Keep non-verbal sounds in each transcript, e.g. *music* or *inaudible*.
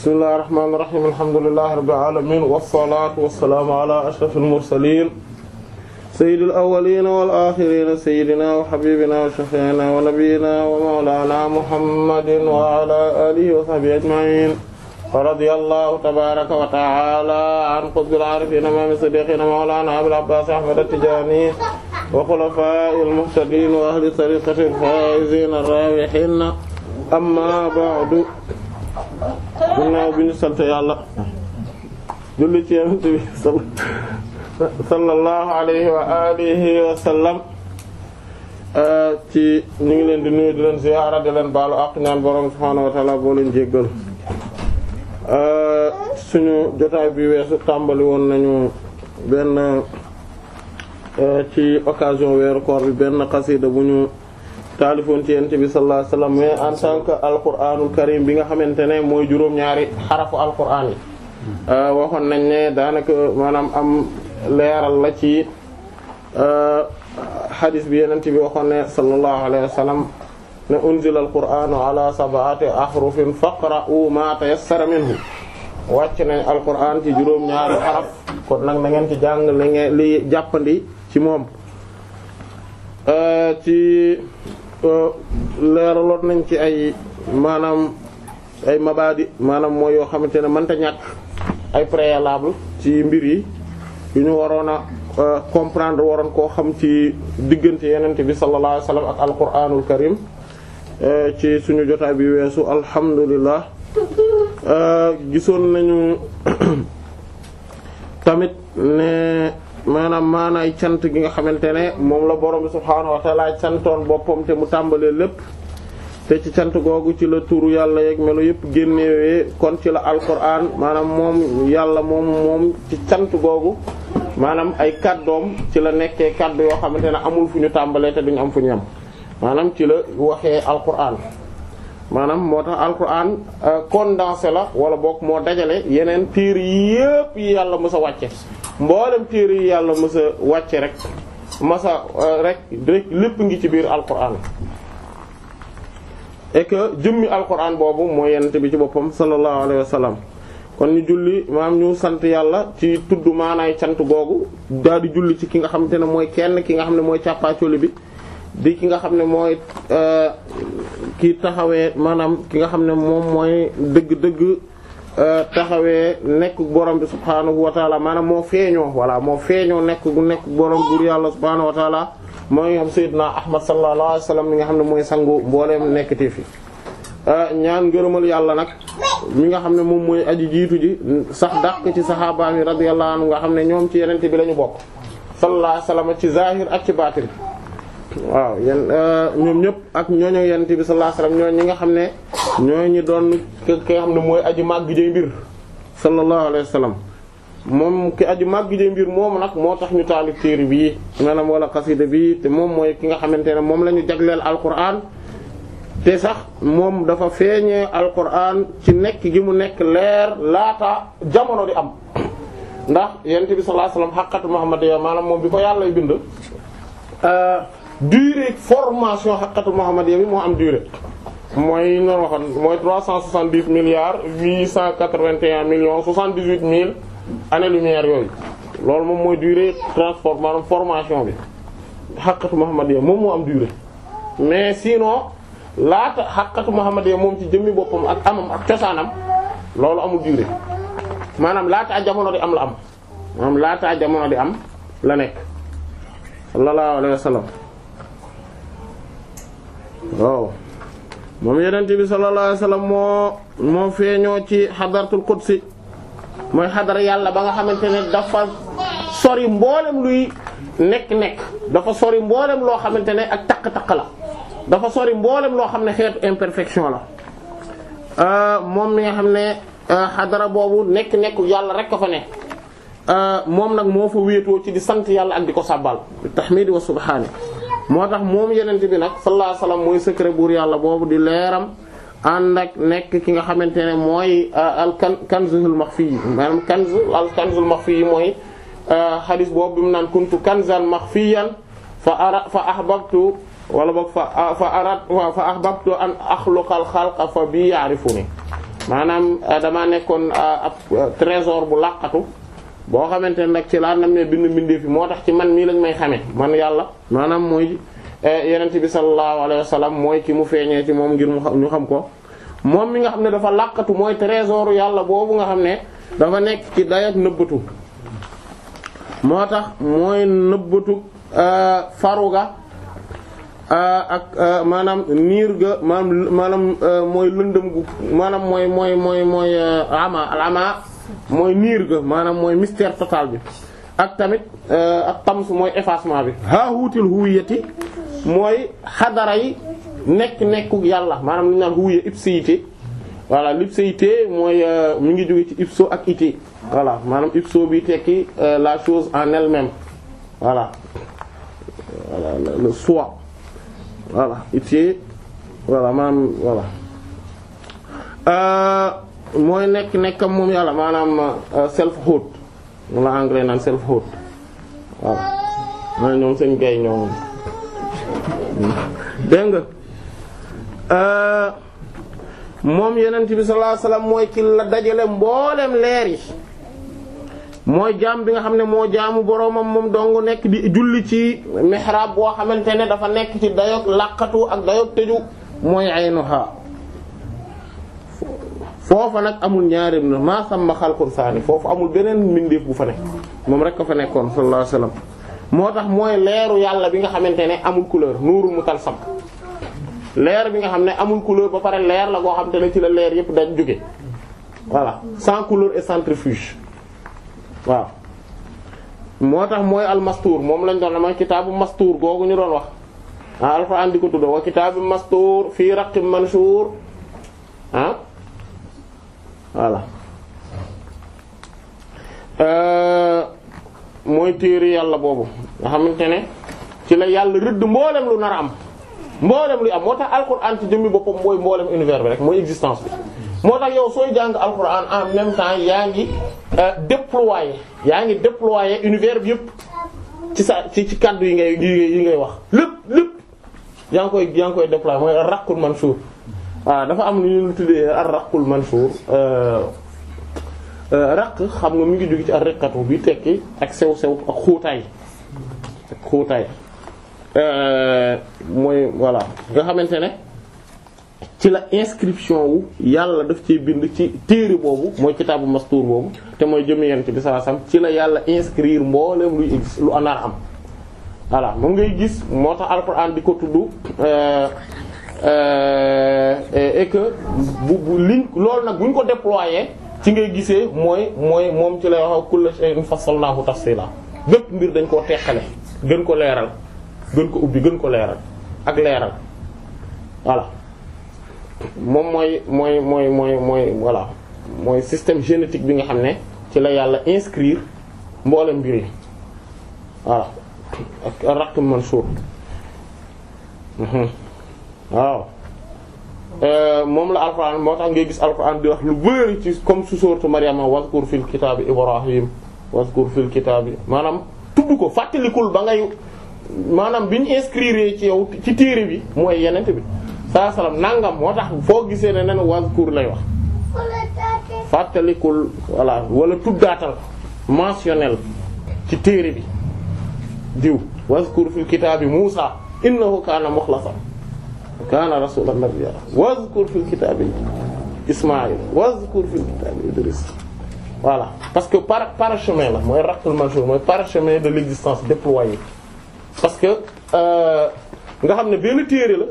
bismillahir rahmanir rahim alhamdulillahi rabbil alamin wassalatu wassalamu ala ashrafil mursalin sayyidil awwalin wal akhirin sayyidina wa habibina wa shafi'ina wa nabiyyina wa mawlana muhammadin wa ala alihi wa sahbihi ajma'in wa radiyallahu tabaraka wa ta'ala an qutbil arifin imam sadiqina mawlana abil abbas ahmad at-tijani wa khulafa'il muhtadin wa ahli tariqatil faizin ar-rabihin amma ba'du gannaaw bi ñu sant yàlla julli ci yonent bi sallallahu alihi wa ci ñu ngi leen di nuyu di leen ziyaara di leen baalu ak ñaan borom subhaanahu wa boo leen jéggal suñu jotaay bi weesu tàmbali woon nañu benn ci occasion weeru koor bi benn xasida bu ñu taalifoon ci yonent bi sallallahu alayhi wasallam mais en tant que alquranul karim bi nga xamante ne mooy juróom-ñaari xarafu alquran yi euh, waxoon nañ ne daanaka maanaam am leeral la ci euh, xadis bi yonent bi waxoon ne sallallahu alayhi wasallam ne unzila alquranu ala sab'ati ahrufin faqra'u ma tayassara minhu wàcc nañ alquran ci juróom-ñaari xaraf kon nag na ngeen ci jàng li ngeen li jàppandi ci moom euh, ci leeraloon nañ ci ay maanaam ay mabaadi maanaam mooy yoo xamante ne mënta ñàkk ay préalable ci mbir yi yu ñu waroon a euh, comprendre waroon koo xam ci diggante yenente bi sallallahu alayhi wasallam ak alquranul karim euh, ci suñu jotaay bi weesu alhamdulillah euh, gisoon nañu *coughs* tamit ne maanaam maanaay cant gi nga xamante ne moom la borom bi subhaanahu wa ta'ala cantoon boppam te mu tàmbalee lépp te ci cant googu ci la turu yàlla yeeg melo yëpp génnewee kon ci la alquran maanaam moom yàlla moom moom ci cant googu maanaam ay kàddoom ci la nekkee kàddu yoo xamante ne amul fu ñu tàmbalee te duñu am fu ñu am maanaam ci la waxee alquran maanaam moo tax alquran euh, condensé la wala boog moo dajale yeneen téere yépp yi yàlla mës a wàcce mboolem téere yi yàlla mës a wàcce rek masa euh, rek rek lépp ngi ci biir alquran et que jëmmi alquran boobu mooy yenente bi ci boppam sallallahu alayhi wa sallam kon ñu julli maam ñu sant yàlla ci tudd maanaay sant googu daal di julli ci ki nga xamante ne mooy kenn ki nga xam ne mooy càppaacoli bi di ki nga xam ne mooy euh, ki taxawee maanaam ki nga xam ne moom mooy dëgg-dëgg euh, taxawee nekk borom bi subhaanahu wa taala maanaam moo feeñoo voilà moo feeñoo nekk borom buur yàlla subhaanahu wa taala mooy xam sayyidna ahmad sallallahu alayhi wa sallam mi nga xam ne mooy sangu mbooleem nekkati fi euh, ñaan ngërëmal yàlla nag mi nga xam ne moom mooy aj jiitu ji sax dàq ci saxaabaam yi radiyallahu anhu nga xam ne ñoom ci yenente bi la ñu bokk sallallahu alayhi wa sallam ci zahir ak ci baatin waaw yan euh, ñoom ñëpp ak ñooñu yonent bi sallallahu alayhi wasallam ñi nga xam ne ñooy ñi doon ki xam ne mooy aji màgg jëy mbir sallallahu alayhi wasallam moom ki aju màgg mbir moom nag moo tax ñu taalif téere bii maanaam wala xasida bii te moom mooy ki nga xamante ne moom la ñu jagleel alquran te sax moom dafa feeñee alquran ci nekk gi mu nekk leer laata jamono di am ndax yonent bi sallallahu alayhi wasallam Muhammad ya maanaam moom bi ko yàlla bind euh, durée formation xaqiqatul muhammadiyya bi moo am dure mooy noonu waxoon mooy trois cent soixante dix milliards huit cent quatre vingt et un millions soixante dix huit mille années lumière yooyu loolu moom mooy durée transport maanaam formation bi xaqiqatul muhammadiyya moom moo am durée mais sinon laata xaqiqatul muhammadiyya moom ci jëmmi boppam ak amam ak cosaanam loolu amul durée maanaam laata jamono di am la am maanaam laata jamono di am la nekk sallallahu alayhi wa waaw moom yenent bi sallallahu alayhi wasallam moo moo feeñoo ci xadaratul qudsi mooy xadara yàlla ba nga xamante ne dafa sori mboolem luy nekk-nekk dafa sori mboolem loo xamante ne ak takk-takk la dafa sori mboolem loo xam ne xeetu imperfection la euh, moom mi nga xam ne euh, xadara boobu nekk-nekk yàlla rek ko fa ne euh, moom nag moo fa wéetoo ci di sant yàlla ak di ko sàbbal tahmidi wa subhaani moo tax moom yenente bi nag sallallahu mooy secret buur yàlla boobu di leeram ànd nekk ki nga xamante ne mooy euh, al kan kanzul maxfi yi maanaam kanz al kanzul maxfi mooy euh, xadis boobu bi mu naan kuntu kanzan maxfiyan fa ahbabtu wala boog fa euh, fa arat fa an axluqal xalqa fa bi yaarifuni maanaam damaa nekkoon ab trésor bu laqatu boo xamante ne nag ci laa nam bind mbindeef yi moo tax ci man mii lañ may xamee man yàlla maanaam mooy eh, yenent bi sallallahu alayhi wa sallam mooy ki mu feeñee ci moom ngir mu ñu xam ko moom mi nga xam ne dafa làqatu mooy trésor yàlla boobu nga xam ne dafa nekk ci dayak nëbbatu moo tax mooy nëbbatu eh, faruga eh, ak maanaam niir ga maanaam mooy lëndëm gu maanaam mooy mooy mooy mooy ama mooy niir ga maanaam mooy mystère total bi ak tamit euh, ak tams mooy effacement bi haahuutil huwiyati mooy xadara yi nekk nekku yàlla maanaam li ñu naan huwiya ipséité voilà l'ipséité mooy euh, mi ngi jóge ci ipso ak ité voilà maanaam ipso bi tekki euh, la chose en elle-même voilà voilà le soi voilà ité maanaam voilà mooy nekk nekkam moom yàlla maanaam euh, self-hood mu la anglais naan self-hood waaw ma ñoom seen gay ñoom dégg euh, moom yenent bi sallallahu alayhi mooy ki la dajale mboolem leer yi mooy jaam bi nga xam ne moo jaamu boroomam moom dong nekk di julli ci mihrab boo xamante ne dafa nekk ci dayoog làqatu ak dayoog tëju mooy aynuha foofa nag amul ñaari na maa sàmm xalqun saani foofu amul beneen mbindeef bu fa ne moom rek fa nekkoon sallallahu alayhi wasallam moo tax mooy leeru yàlla bi nga xamante ne amul couleur nuurul mutalsam leer bi nga xam ne amul couleur ba pare leer la goo xam ne ci la leer yépp dañ jóge voilà sans couleur et centrifuge waaw moo tax mooy almastuur moom lañ doon mooy kitaabu mastuur googu ñu doon wax ah alxuraan di ko tudd wa kitaabu mastuur fii raqqin manshuur ah? voilà euh, mooy téere yàlla boobu nga xamante ne ci la yàlla rëdd mboolem lu nar a am mboolem luy am moo tax alxuraan ci jëmmi boppam mooy mboolem univers bi rek mooy existence bi moo tax yow sooy jàng alxuraan en même temps yaa ngi euh, déployer yaa ngi déployer univers bi yëpp sa ci ci kàddu yi ngay yi ngay wax lépp lépp yaa ngi koy yaa ngi koy déployer mooy rakkul man suuf. Ah, dafa am lu ñu tuddee raqul mansur euh, euh, raq xam nga mu ngi jóge ci ar riqatu bi tekki ak sew sew ak xuutaay ak xóotaay euh, mooy voilà nga xamante ne ci la inscription wu yàlla def ci bind ci téere boobu mooy kitaabu mastuur boobu te mooy jëmi yent bi sallallahu ci la yàlla inscrire mboolem luy lu anar am voilà moom ngay gis moo tax alxuraan di ko tudd Euh, et que bu bu liñ loolu nag buñ ñu ko déployer ci ngay gisee mooy mooy moom ci lay wax kullu shay'in fassalnaahu la bépp mbir dañ koo teqale gën ko leeral gën ko ubbi gën ko leeral ak leeral voilà moom mooy mooy mooy mooy mooy voilà mooy système génétique bi nga xam ne ci la yàlla inscrire mboolem mbir yi voilà ak raqm waaw euh, moom la alquran moo tax ngay gis alquran di wax lu bëri ci comme su sourate Maryama wazkur fil kitaabi Ibrahim wazkur fil kitaabi maanaam tudd ko fàttalikul ba ngay maanaam bi ñu inscrire ci yow ci téere bi mooy yenent bi saa nangam moo tax foo gisee ne nen wazkur lay wax fàttalikul voilà wala tuddaatal mentionnel ci téere bi diw wazkur fil kitaabi Muusa innahu kaana mukhlasan kaana rasuulan nabiyya wazkur fil kitaabi Ismaïl wazkur fil kitaabi Idriss voilà parce que par parchemin la mooy raqul majhul mooy parchemin de l'existence déployé parce que euh, nga xam ne benn téere la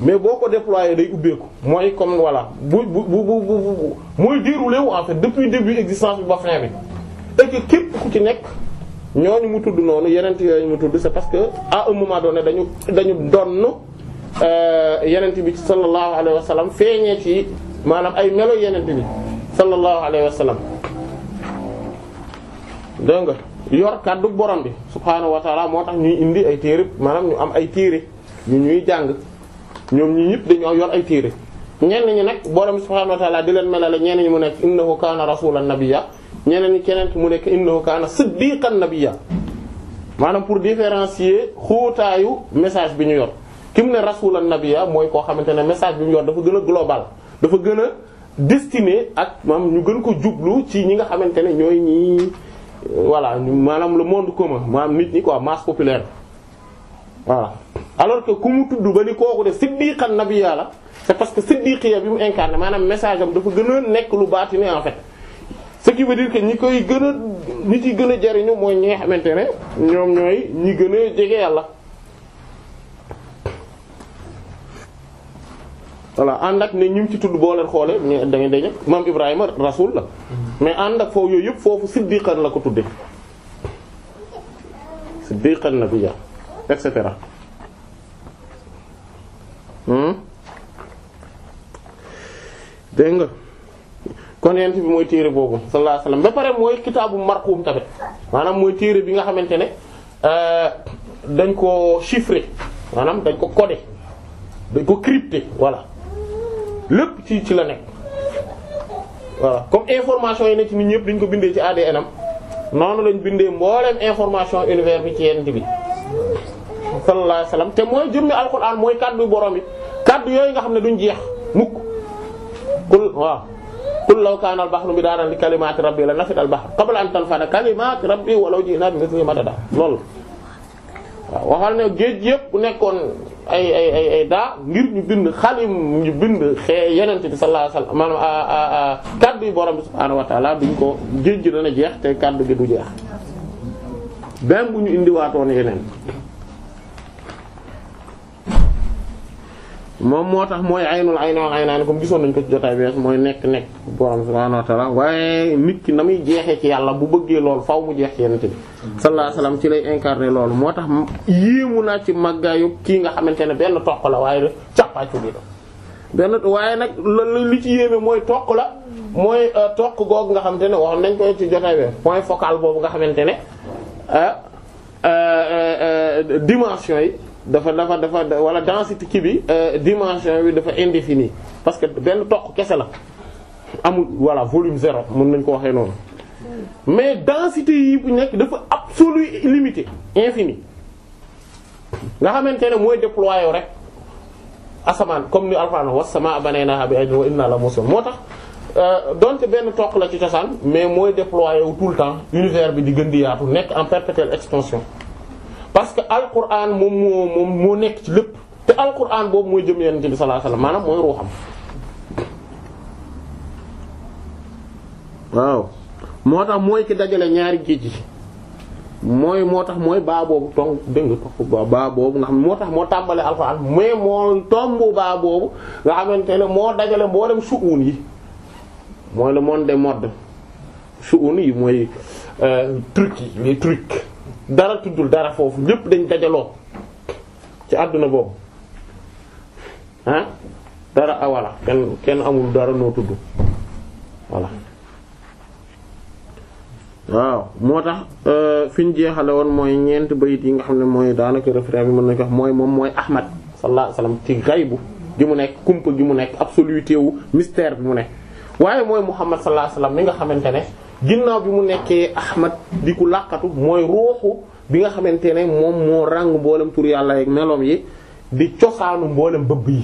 mais boo ko déployé day ubbeeku mooy comme voilà bu bu bu bu mooy déroulé wu en fait depuis début existence bi ba fin bi et képp ku ci nekk ñooñu mu tudd noonu yeneen yooyu mu tudd c'est parce que à un moment donné dañu dañu donn Euh, yenent bi ci alayhi wa sallam feeñee ci maanaam ay melo yenent bi sallallahu alayhi wa sallam dégg nga yor kàddu borom bi subhaanahu wa moo tax ñuy indi ay téere maanaam ñu am ay téere ñu ñuy jàng ñoom ñi ñëpp dañoo yor ay téere ñenn ñi nag borom bi subhaanahu wa taala di leen melale ñenn ñi mu nekk innahu kaana rasulan nabiyya ñeneen ñi keneen mu nekk innahu kaana siddiqan nabiyya maanaam pour différencier xóotaayu message bi ñu yor ki mu ne rasulan nabiyya mooy koo xamante ne message bi mu yor dafa gën a global dafa gën a destiné ak maam ñu gën ko jublu ci ñi nga xamante ne ñooy ñi voilà maanaam le monde commun maanaam nit ñi quoi masse populaire voilà alors que ku mu tudd ba ni kooku de siddiqan nabiyya la c'est parce que siddiqiya bi mu incarné maanaam message dafa gën a nekk lu baatini en fait ce qui veut dire ñi koy gën ñi ci gën a jariñu mooy ñi nga xamante ne ñoom ñooy ñi gën a jege yàlla voilà ànd ak ne ñi ci tudd boo leen xoolee da ngay daje maam Ibrahima rasul la mais ànd ak foofu yooyu yëpp foofu siddiqan la ko tuddee siddiqan nabiyya et cetera. Hmm? dégg nga kon yent bi mooy téere boobu sallallahu alayhi ba pare mooy kitaabu marquum tamit maanaam mooy téere bi nga xamante ne euh, dañ ko chiffré maanaam dañ ko codé dañ ko crypté voilà lépp ci ci la nekk voilà comme information yi ne ci nit ñëpp dañ ko bindee ci ADN am noonu lañ bindee mbooleem information univers bi ci yenn bi sallallahu alayhi wasallam te mooy jëmmi alxuraan mooy kàddu borom yi kàddu yooyu nga xam ne duñ jeex mukk kul waaw kul law kaana al bahru midaadan li kalimaati rabbi la nafida al bahru qabla an tanfada kalimaatu rabbi walaw ji'naa bi mithlihi madadaa loolu waaw waxal ne géej yëpp nekkoon ay ay ay daa ngir ñu bind xalim ñu bind xee yeneen bi sallallahu alayhi wasallam maanaam kaddu yi borom bi subhaanahu wa duñ ko géej gi jeex te kaddu gi du jeex benn bu ñu indiwaatoon yeneen. moom moo tax mooy aynul ayna wal aynaani comme gisoon nañ ko ci jotaay bi mooy nekk nekk borom subhaanahu wa ta'aala waaye nit ki na muy jeexee ci yàlla bu bëggee lool faaw mu jeex yenente bi sallallahu alayhi wasallam ci lay incarner loolu moo tax yéemu naa ci màggaayu kii nga xamante ne benn toq la waaye càpaacu bi do benn waaye nag li ci yéeme mooy toq la mooy euh, toq googu nga xamante ne waxoon nañ ko ci jotaay bi point focal boobu nga xamante ne euh, euh, dimension yi dafa dafa dafa wala densité kii bi euh, dimension bi dafa indéfini parce que benn toq kese la amul voilà volume zéro mun nañ ko waxee noonu mais densité yi bu nekk dafa absolu illimité infini nga xamante ne mooy déployer rek asamaan comme ni Alxuraan was-samaa'a banaynaahaa bi-aydin wa innaa la-muusi'uun moo tax euh, donte benn toq la ci cosaan mais mooy déployer wu tout le temps univers bi di gën di yaatu nekk en perpétuelle expansion parce que alquran moom moo moom moo nekk ci lépp te alquran boobu mooy jëm yonent bi sallallahu alayhi wasallam maanaam mooy ruuxam waaw moo tax mooy ki dajale ñaari géej yi mooy moo tax mooy baa boobu tong dëng ba baa boobu nga xam moo tax moo tàmbale alxuraan mais moo tomb baa boobu nga xamante ne moo dajale mboolem suun yi mooy yi mooy euh, truc yi les dara tuddul dara foofu lépp dañ dajaloo ci àdduna boobu ah dara awala kenn kenn amul dara noo tudd voilà waaw moo tax euh, fi ñu jeexale woon mooy ñeent bayit yi nga xam ne mooy daanaka référé bi mën nañu ko mooy moom mooy Ahmad sallallahu alayhi ci gaybu gi mu nekk kumpa gi mu nekk absoluté wu mystère bi mu ne waaye mooy Muhammad sallallahu alayhi wasallam mi nga xamante ne ginnaaw bi mu nekkee Ahmad di ku làqatu mooy ruuxu bi nga xamante ne moom moo ràng mboolem tur yàlla ak meloom yi di cosaanu mboolem bëbb yi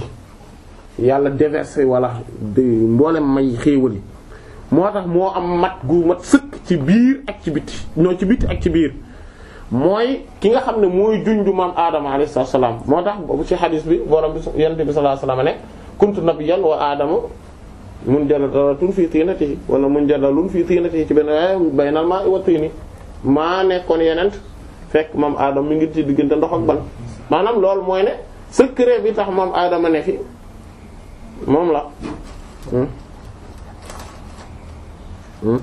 yàlla déversé wala mboolem may xéewal yi moo tax moo am mat gu mat sëkk ci biir ak ci biti non ci biti ak ci biir mooy ki nga xam ne mooy junju maam aadama alayhi salaam moo tax ci xadis bi borom bi yonent bi sallallahu alayhi wasallam ne kuntu nabiyyan wa aadama mun jadaratun fii tiinatihi wala mun jadalun fii tiinatihi ci benn waaye baynal maa'i wa tiini maa nekkoon yenent fekk maam aadama mu ngi ci diggante ndox ak ban maanaam loolu mooy ne secret bi tax maam aadama ne fi moom la hmm? Hmm?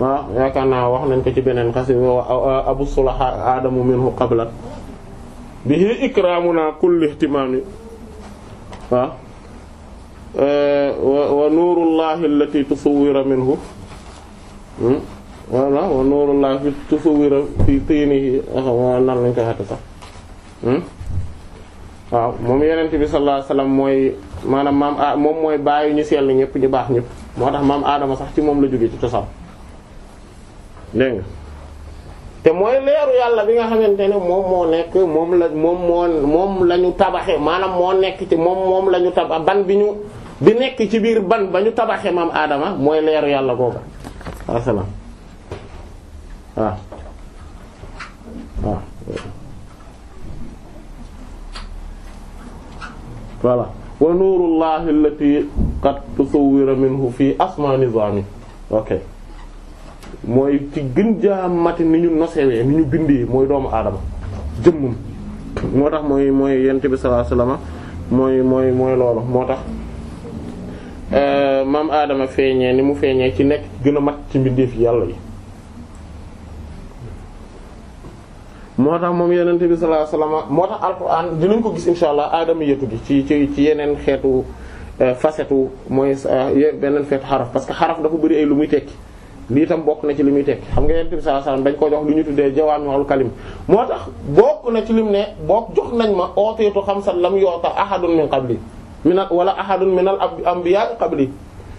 waaw yaakaar naa wax nañ ko ci beneen xasi abu sulaha aadamu minhu qablan bihi ikramuna kulli ihtimami waaw Eh, wa nuurullahi allati tusawwira minhu hmm? ah, hmm? waaw moom yenent bi sallallahu alayhi mooy maanaam maam a moom mooy bàyyi ñu sell ñëpp ñu baax ñëpp moo tax maam aadama sax ci moom la jógee ci cosaan dégg nga te mooy leeru yàlla bi nga xamante ne moom moo nekk moom la moom moo moom lañu tabaxe maanaam moo nekk ci moom moom lañu ñu tabax ban bi ñu bi nekk ci biir ban ba ñu tabaxee maam aadama mooy leeru yàlla googa asalaam waaw waaw voilà wa nuurullahi allati qad tusawwira minhu fi asma nizami ok mooy ci gën jaamati ni ñu nosewee ni ñu bindee mooy doomu aadama jëmmum moo tax mooy mooy yent bi sallallahu alayhi wasallam mooy mooy mooy loolu moo tax Euh, maam aadama feeñee ni mu feeñee ci nekk gën a mat ci mbindeef yàlla yi moo tax moom yeneen bi sallallahu alayhi wasallam moo tax alquran dinañ ko gis insha allah aadama yetu gi ci ci ci yeneen xeetu euh, facette mooy euh, beneen xeetu xaraf parce que xaraf dafa bëri ay lu muy tekki lii tam bokk na ci li muy tekki xam nga yeneen bi dañ ko lu ñu tuddee jawaami'ul kalim moo tax bokk na ci lim ne bokk jox nañ ma ooteetu xamsan lam yoota ahadun min qabli minal wala ahadun minal anbiya qabli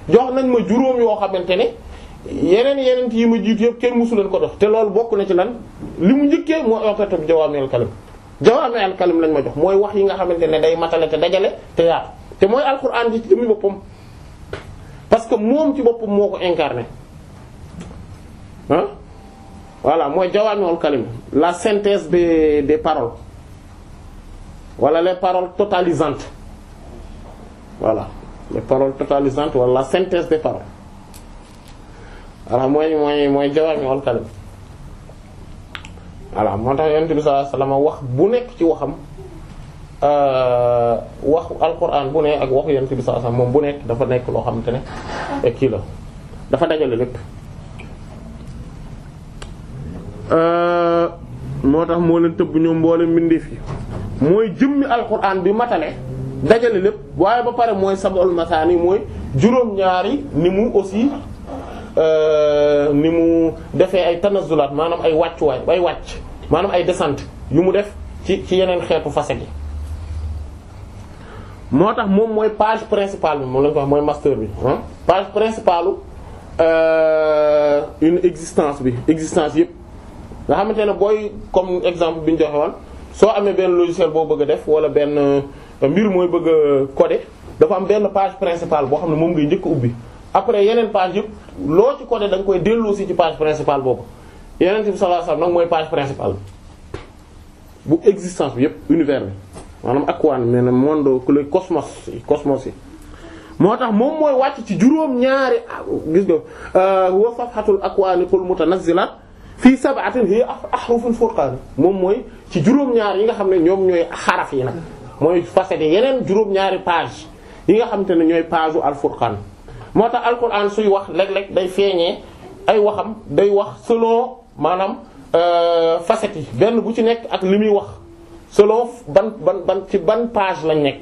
jox nañ ma juróom yoo xamante ne yeneen yeneen yi ma jiitu yëpp kenn musu leen ko dox te loolu bokku na ci lan li mu njëkkee moo oxetab jawaami al kalim jawaami al kalim lañ ma jox mooy wax yi nga xamante ne day matale dajale te te mooy alxuraan ci jëmmi boppam que moom ci boppam moo ko incarné ah mooy jawaami al la synthèse des des paroles wala les paroles totalisantes voilà les paroles totalisantes wala la synthèse des paroles voilà mooy mooy mooy jawaami'ul kalim voilà moo tax yonent bi sallallahu alayhi wasallam wax bu nekk ci waxam euh, wax alquran bu ne ak waxu yonent bi sallallahu alayhi moom bu nekk dafa nekk loo xamante ne kii la dafa dajale lépp. Euh, moo tax moo leen tëbb ñoom mboolem mbindeef yi mooy jëmmi alquran bi matale. dajale lépp waaye ba pare mooy sab'ul masaani mooy juróom-ñaari ni mu aussi euh, ni mu defee ay tanazzulaat maanaam ay wàccuwaay bay wàcc maanaam ay descente yu mu def ci ci yeneen xeetu facette yi moo tax moom mooy page principal bi moom la ñu mooy master bi ah page principale euh, une existence bi existence yëpp nga xamante ne booy comme exemple bi ñu joxe woon soo amee benn logiciel boo bëgg a def wala benn. mbir mooy bëgg a coder dafa am benn page principal boo xam ne moom ngay njëkk ubbi après yeneen page yëpp loo ci coder da nga koy delloosi ci page principale boobu yeneen bi sallallahu alayhi mooy page principale bu yëpp univers bi maanaam akwaan nee na monde le cosmos cosmos yi moo tax moom mooy wàcc ci juróom-ñaari gis nga euh, wa safhatul akwaani qul mutanazzilat fii sab'atin hiya ahruful moom mooy ci juróom-ñaar yi nga xam ne ñoom ñooy xaraf yi nag mooy facette yeneen juróom-ñaari page yi nga xamante ne ñooy page u alfurqaan moo tax alquran suy wax léeg-léeg day feeñee ay waxam day wax solo maanaam euh, facette yi benn bu ci nekk ak li muy wax solo ban ban ban ci ban page lañ nekk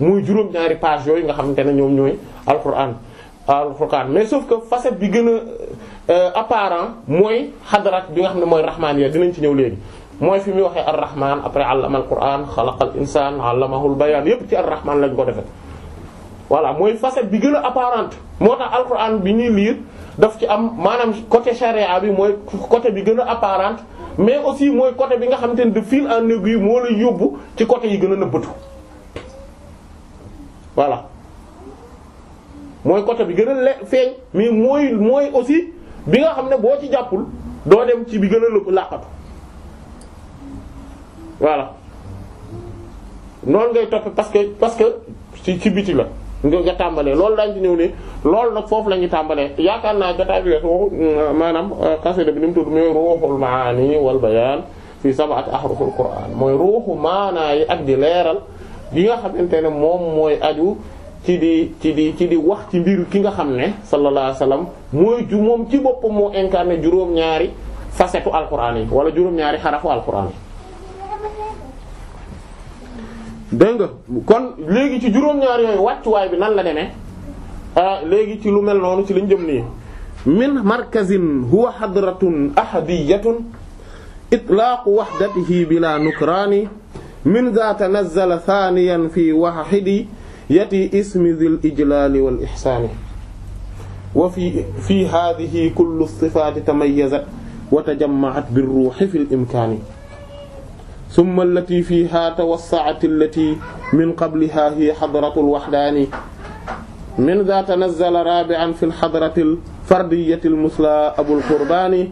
muy juróom-ñaari page yooyu nga xamante ne ñoom ñooy alquran alfurqaan mais sauf que facette bi gën a euh, apparent mooy xadaraat bi nga xam ne mooy rahmaan ya dinañ ci ñëw léegi mooy fi muy waxee ar-rahman après allama al-quran xalaqal insaan allamahul bayaan yépp ci ar lañ ko voilà mooy facette bi gën a apparente moo tax al-quran bi ñuy liir daf ci am maanaam côté charia bi mooy côté bi gën a apparente mais aussi mooy côté bi nga xamante ne de fil en aiguille moo lay yóbbu ci côté yi gën a nëbbatu voilà mooy côté bi gën a le feeñ mais mooy mooy aussi bi nga xam ne boo ci jàppul doo dem ci bi gën a lëpp làqatu voilà noonu ngay topp parce que parce que ci ci biti la nga nga tàmbalee loolu daañu ci ñëw ne lool nag foofu la ñuy tàmbalee yaakaar naa jotaay bi waxu mm, maanaam euh, xasida bi ni mu tudd mooy ruuxul maani fii sab'ati ahrufil qur'aan mooy ruuxu maanaa ak di leeral gi nga xamante ne moom mooy aju ci di ci di ci di wax ci mbiru ki nga xam ne sallallahu alayhi wasallam mooy ju moom ci boppam mu incarné juróom-ñaari facetu alquran yi wala juróom-ñaari xarafu alquran yi dégg nga kon léegi ci juróom-ñaar yooyu wàccuwaay bi nan la demee léegi ci lu mel noonu ci lañ jëm nii min markazin huwa hadratun ahadiyatun itlaaqu wahdatihi bila nukraani min za tanazzala thaniyan fi wahidi yati ismi dhil ijlaali wal ihsaani wa fi fi hadhihi kullu sifaati tamayyazat wa tajammaat bir ruuhi fil imkaani summa allati fiha tawassaati allati min qabliha hiya xadratu lwaxdaani min za tanazzala rabi'an fi lxadrati lfardiyati lmusla abu lqurbaani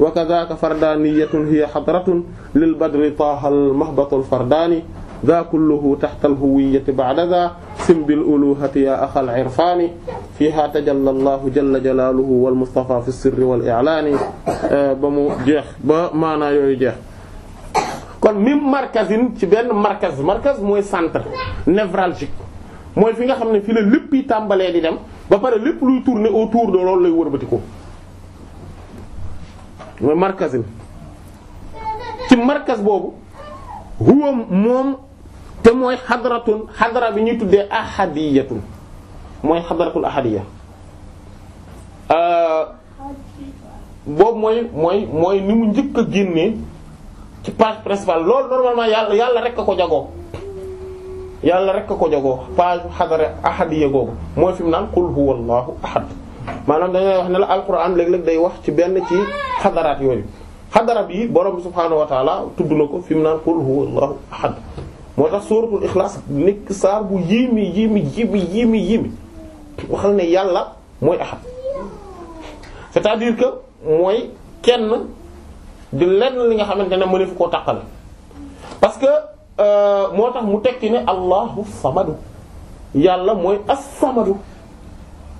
wa kadaka fardaniyatun hiya xadratun lilbadri taaha almahbatu lfardaani ذا كله تحت الهوية بعد ذا سم بالألوهة يا أخ العرفان فيها تجلى الله جل جلاله والمصطفى في السر والإعلان ba mu jeex ba maanaa yooyu jeex kon mim markazin ci benn markaz markaz mooy centre névralgique mooy fi nga xam ne fi la lépp yi tàmbalee di dem ba pare lépp luy tourner autour de loolu lay wërbati ko mooy markazin ci markaz boobu huwa moom te mooy xadratun xadra bi ñuy tuddee ahadiyatun mooy xadratul ahadiya euh, boobu mooy mooy mooy ni mu njëkk a génnee ci page principale loolu normalement yàlla yàlla rek a ko jagoo yàlla rek a ko jagoo page xadara ahadiya googu mooy fi mu naan qul huwa allahu ahad maanaam dañuy wax ne la alquran léeg-léeg day wax ci benn ci xadaraat yooyu xadara bi borom bi subhaanahu tudd na ko fi mu naan qul huwa allahu ahad moo tax suuratul ixlaas nekk saar bu yéemi yéemi yéemi yéemi yéemi ne yàlla mooy ahad c'est-à-dire que mooy kenn di lenn li nga xamante ne mënefu koo taqale parce que euh, moo tax mu tekki ne allahu samadu yàlla mooy as-samadu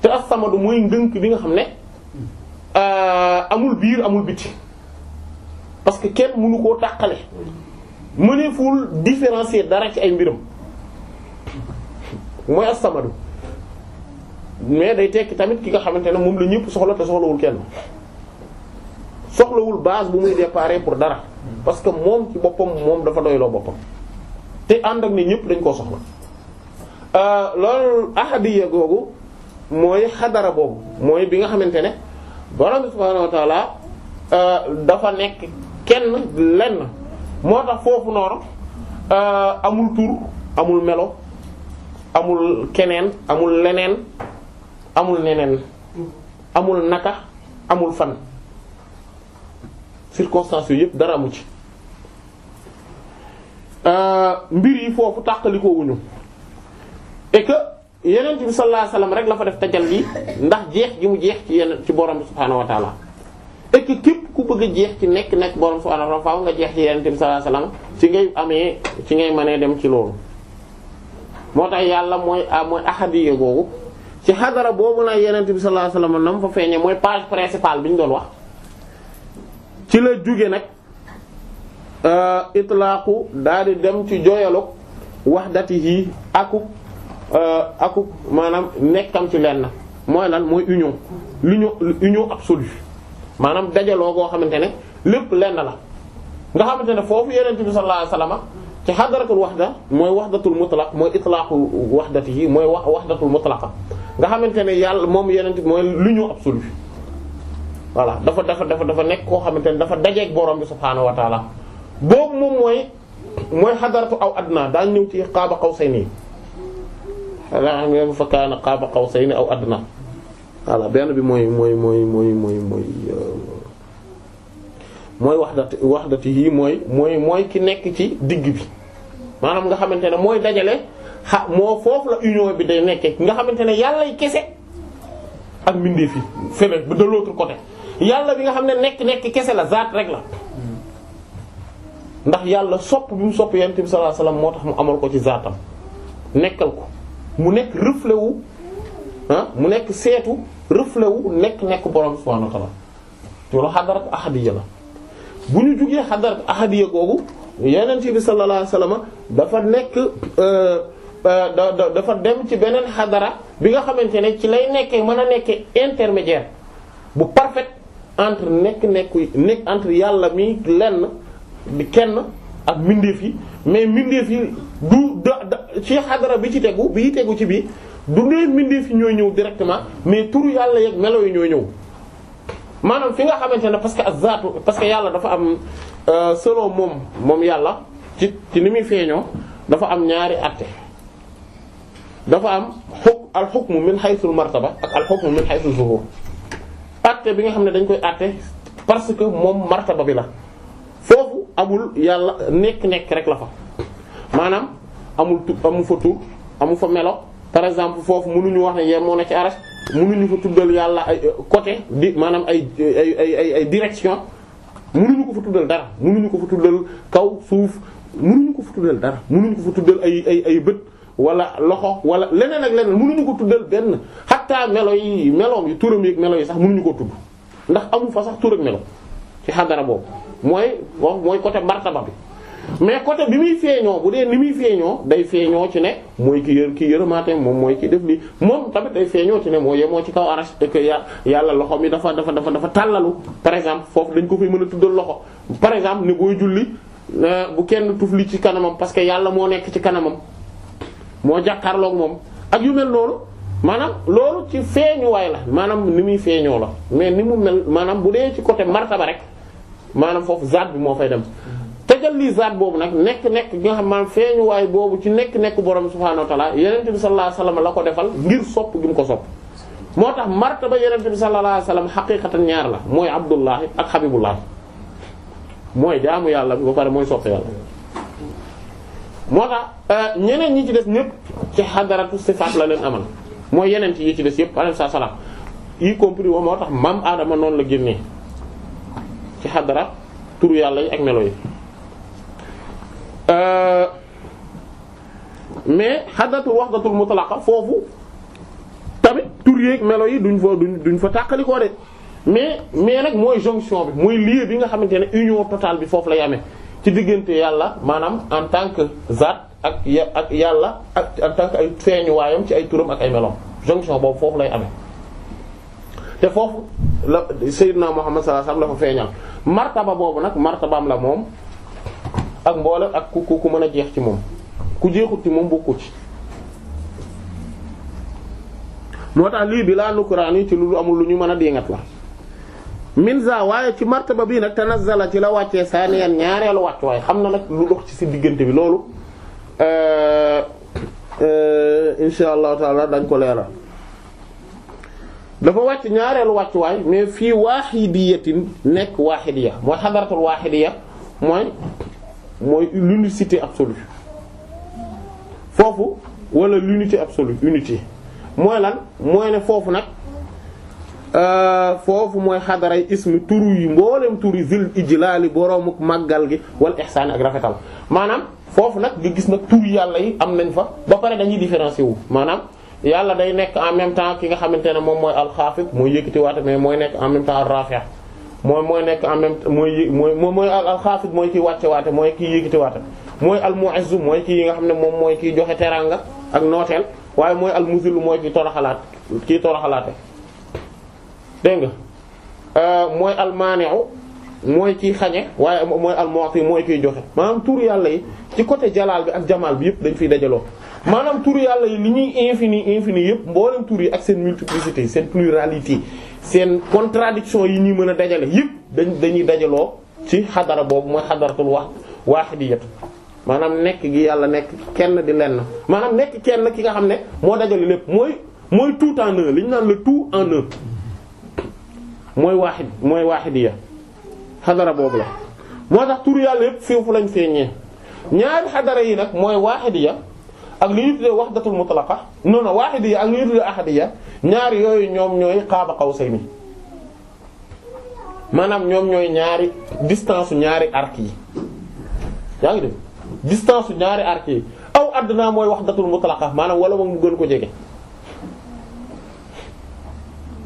te as-samadu mooy ngënk bi nga xam ne euh, amul biir amul biti parce que kenn mënu koo taqale mëneful différencier dara ci ay mbiram mooy as-samadu mais day tekki tamit ki nga xamante ne moom la ñëpp soxla te soxlawul kenn soxlawul base bu muy déparé pour dara parce que moom ci boppam moom dafa doyloo boppam te ànd ak ne ñépp dañ koo soxla euh, loolu ahadiya googu mooy xadara boobu mooy bi nga xamante ne borom subhaanahu wa euh, dafa nekk kenn lenn moo tax foofu noonu euh, amul tur amul melo amul keneen amul leneen amul neneen amul naka amul fan circonstances yooyu yëpp dara mu ci euh, mbir yi foofu tàqalikoo wuñu et que yenent bi sallallahu rek la fa def tajal tajalli ndax jeex gi mu jeex ci yeneen ci borom bi subhaanahu wa képp ku bëgg a jeex ci nekk nekk borom subhaanahu wa ta'ala faaw nga jeex ci yenent bi sallallahu alayhi ci ngay amee ci ngay mënee dem ci loolu moo tax yàlla mooy ah, mooy ahadiye googu ci xadara boobu na yenent bi sallallahu alayhi wasallam nam fa feeñee mooy page principale bi ñu doon wax ci la jóge nag euh, itlaaqu daal di dem ci wax jooyalu wahdatihi aku euh, aku maanaam nekkam ci lenn mooy lan mooy union l'union union absolue maanaam dajaloo goo xamante ne lépp lenn la nga xamante ne foofu yenente bi sallallahu alayhi wasallam ci hadratul wahda mooy wahdatul mutlaq mooy itlaaqu wahdatihi mooy wax wax wahdatul mutlaqa nga xamante ne yàlla moom yenente mooy lu l'union absolue voilà dafa dafa dafa dafa nekk koo xamante ne dafa dajeeg borom bi subhaanahu wa taala boobu moom mooy mooy xadaratu aw adna daa ñëw ci qaaba qawsayni fa kaana qaaba qawsayni aw adna voilà benn bi mooy mooy mooy mooy mooy mooy euh, mooy waxdati mooy ki nekk ci digg bi maanaam nga xamante ne mooy dajale xa moo foofu la union bi day nekkee nga xamante ne yàllay kese ak mbindeef yi feneen de l'autre côté yàlla bi nga xam ne nekk nekk kese la zaat rek la ndax yàlla sopp bi mu sopp yonent bi sallallahu alayhi moo tax mu amal ko ci zaatam nekkal ko mu nekk reflet wu ah, mu nekk seetu reflet wu nekk nekk borom subhanahu wa ta'ala loolu xadarat ahadiya la bu ñu jugee xadarat ahadiya googu yonent bi sallallahu alayhi wasallam dafa nekk euh, euh, dafa dem ci beneen xadara bi nga xamante ne ci lay nekkee mën a nekkee intermédiaire entre nekk nekk nekk entre yàlla mi lenn di kenn ak mbindeef yi mais mbindeef yi du da da ci xadara bi ci tegu bi tegu ci bii du nee mbindeef yi ñooy ñëw directement mais turu yàlla yeeg melo yi ñoo ñëw maanaam fi nga xamante ne parce que azzaatu parce que yàlla dafa am euh, selon moom moom yàlla ci ci ni muy feeñoo dafa am ñaari atte dafa am xuk al xukmu min haythul martaba ak al xukmu min zuhur àtte bi nga xam ne dañ koy àtte parce que moom martaba bi la foofu amul yàlla nekk-nekk rek la fa maanaam amul tu amul fa tur amul fa melo par exemple foofu mënuñu wax ne yee moo ne ci arach mënuñu fa tuddal yàlla ay euh, côté di maanaam ay ay ay ay direction mënuñu ko fa tuddal dara munuñu ko fa tuddal kaw suuf mënuñu ko fa tuddal dara mënuñu ko fa tuddal ay ay ay bët wala loxo wala leneen ak leneen mënuñu ko tuddal benn xatta melo yi meloom yi turam yi melo yi sax mënuñu ko tudd ndax amu fa sax tur ak melo ci xadara boobu mooy wax mooy côté martaba bi mais côté bi muy feeñoo bu dee ni muy feeñoo day feeñoo ci ne mooy ki yër ki yërëmaate moom mooy ki def lii moom tamit day feeñoo ci ne moo yemoo ci kaw arach et que yàlla loxo mi dafa dafa dafa dafa tàllalu par exemple foofu dañ ko fay mën a tuddal loxo par exemple julli euh, bu kenn tufli ci kanamam parce que yàlla moo nekk ci kanamam moo jàkkaarloog moom ak yu mel noonu maanaam loolu ci feeñuwaay la maanaam ni muy feeñoo la mais ni mu mel maanaam bu dee ci côté martaba rek maanaam foofu zaat bi moo fay dem. tegal lii zaat boobu nag nekk-nekk nga xam maanaam feeñuwaay boobu ci nekk-nekk borom subhaanahu wa ta'ala yonent bi sallallahu alayhi wasallam la ko defal ngir sopp gi mu ko sopp. moo tax martaba yonent bi sallallahu alayhi wasallam xaqiiqatan ñaar la mooy Abdullahi ak Habibullahi mooy jaamu yàlla bi ba pare mooy sopp moo tax euh, ñeneen ñi ci des ñëpp ci xadaratu sifaat la leen amal mooy yeneen yi ci des yëpp alayhi salaam y compris woo moo tax maam aadama noonu la génnee ci xadara turu yàlla yi ak melo yi euh, mais xadaratul waxdatul mutlaqa foofu tamit tour yeeg melo yi duñ fa duñ duñ fa tàqalikoo de mais mais nag mooy jonction bi mooy lieu bi nga xamante ne union totale bi foofu la amee ci diggante yàlla maanaam en tant que zaat ak ak yàlla ak en tant que ay feeñuwaayam ci ay turam ak ay melom jonction boobu foofu lay amee te foofu la Seydina Muhammad sallallahu alayhi wasallam la ko feeñal martaba boobu nag martabaam la moom ak mboole ak ku ku mën a jeex ci moom ku jeexut ci moom bokku ci moo tax lii bi laa nukuraan yi ci lu amul lu ñu mën a diingat la min za waaye ci martaba bii nag tanazzala ci la wàccee saaniyan ñaareelu wàcc waaye xam na nag lu dox ci si diggante bi loolu euh, euh, insha allahu taala dañ ko leeral dafa wàcc ñaareelu wàcc waay mais fii waaxidiyatin nekk waaxidiya mooy xadaratul waaxidiya mooy mooy l'unicité absolue foofu wala l'unité absolue unité mooy lan mooy ne foofu nag Euh, foofu mooy xadaray ismi turu yi mboolem turu zil ijlaali boroomu màggal gi wal ihsaan ak rafetal maanaam foofu nag nga gis nag turu yàlla yi am nañ fa ba pare dañuy différencier wu maanaam yàlla day nekk en même temps ki nga xamante ne moom mooy alxaafid mooy yëkkatiwaate mais mooy nekk en même temps rafi' mooy mooy nekk en même temps mooy mooy mooy alxaafid mooy kiy wàccewaate mooy kiy yëkkatiwaate mooy almu'izz mooy kii nga xam ne moom mooy kiy joxe teraanga ak nooteel waaye mooy almuzil mooy ki toroxalaat kii toroxalaate dégg nga euh, mooy almaaneew mooy kiy xañe waaye mooy almu'ti mooy kiy joxe maanaam tur yàlla yi ci côté jalaal bi ak jamaal bi yëpp dañ fiy dajaloo maanaam tur yàlla yi li ñuy infini infini yëpp mbooleen tur yi ak seen multiplicité seen pluralité seen contradiction yi ñuy mën a dajale yëpp dañ dañuy dajaloo ci xadara boobu mooy ko xadaratul wax waaxidiyat maanaam nekk gi yàlla nekk kenn di lenn maanaam nekk kenn ki nga xam ne moo dajale lépp mooy mooy tout en un li ñu naan le tout en un mooy waaxid mooy waaxidiya xadara boobu la moo tax tur yàlla yëpp foofu lañ feeñee ñaari xadara yi nag mooy waaxidiya ak li ñu tuddee wahdatul mutlaqa non non waaxidiya ak li ñu tuddee ahadiya ñaari yooyu ñoom ñooy qaaba qawsayni maanaam ñoom ñooy ñaari distance ñaari arc yi yaa ngi dégg distance ñaari arc yi aw adnaa mooy wahdatul mutlaqa maanaam wala moom mu gën ko jege.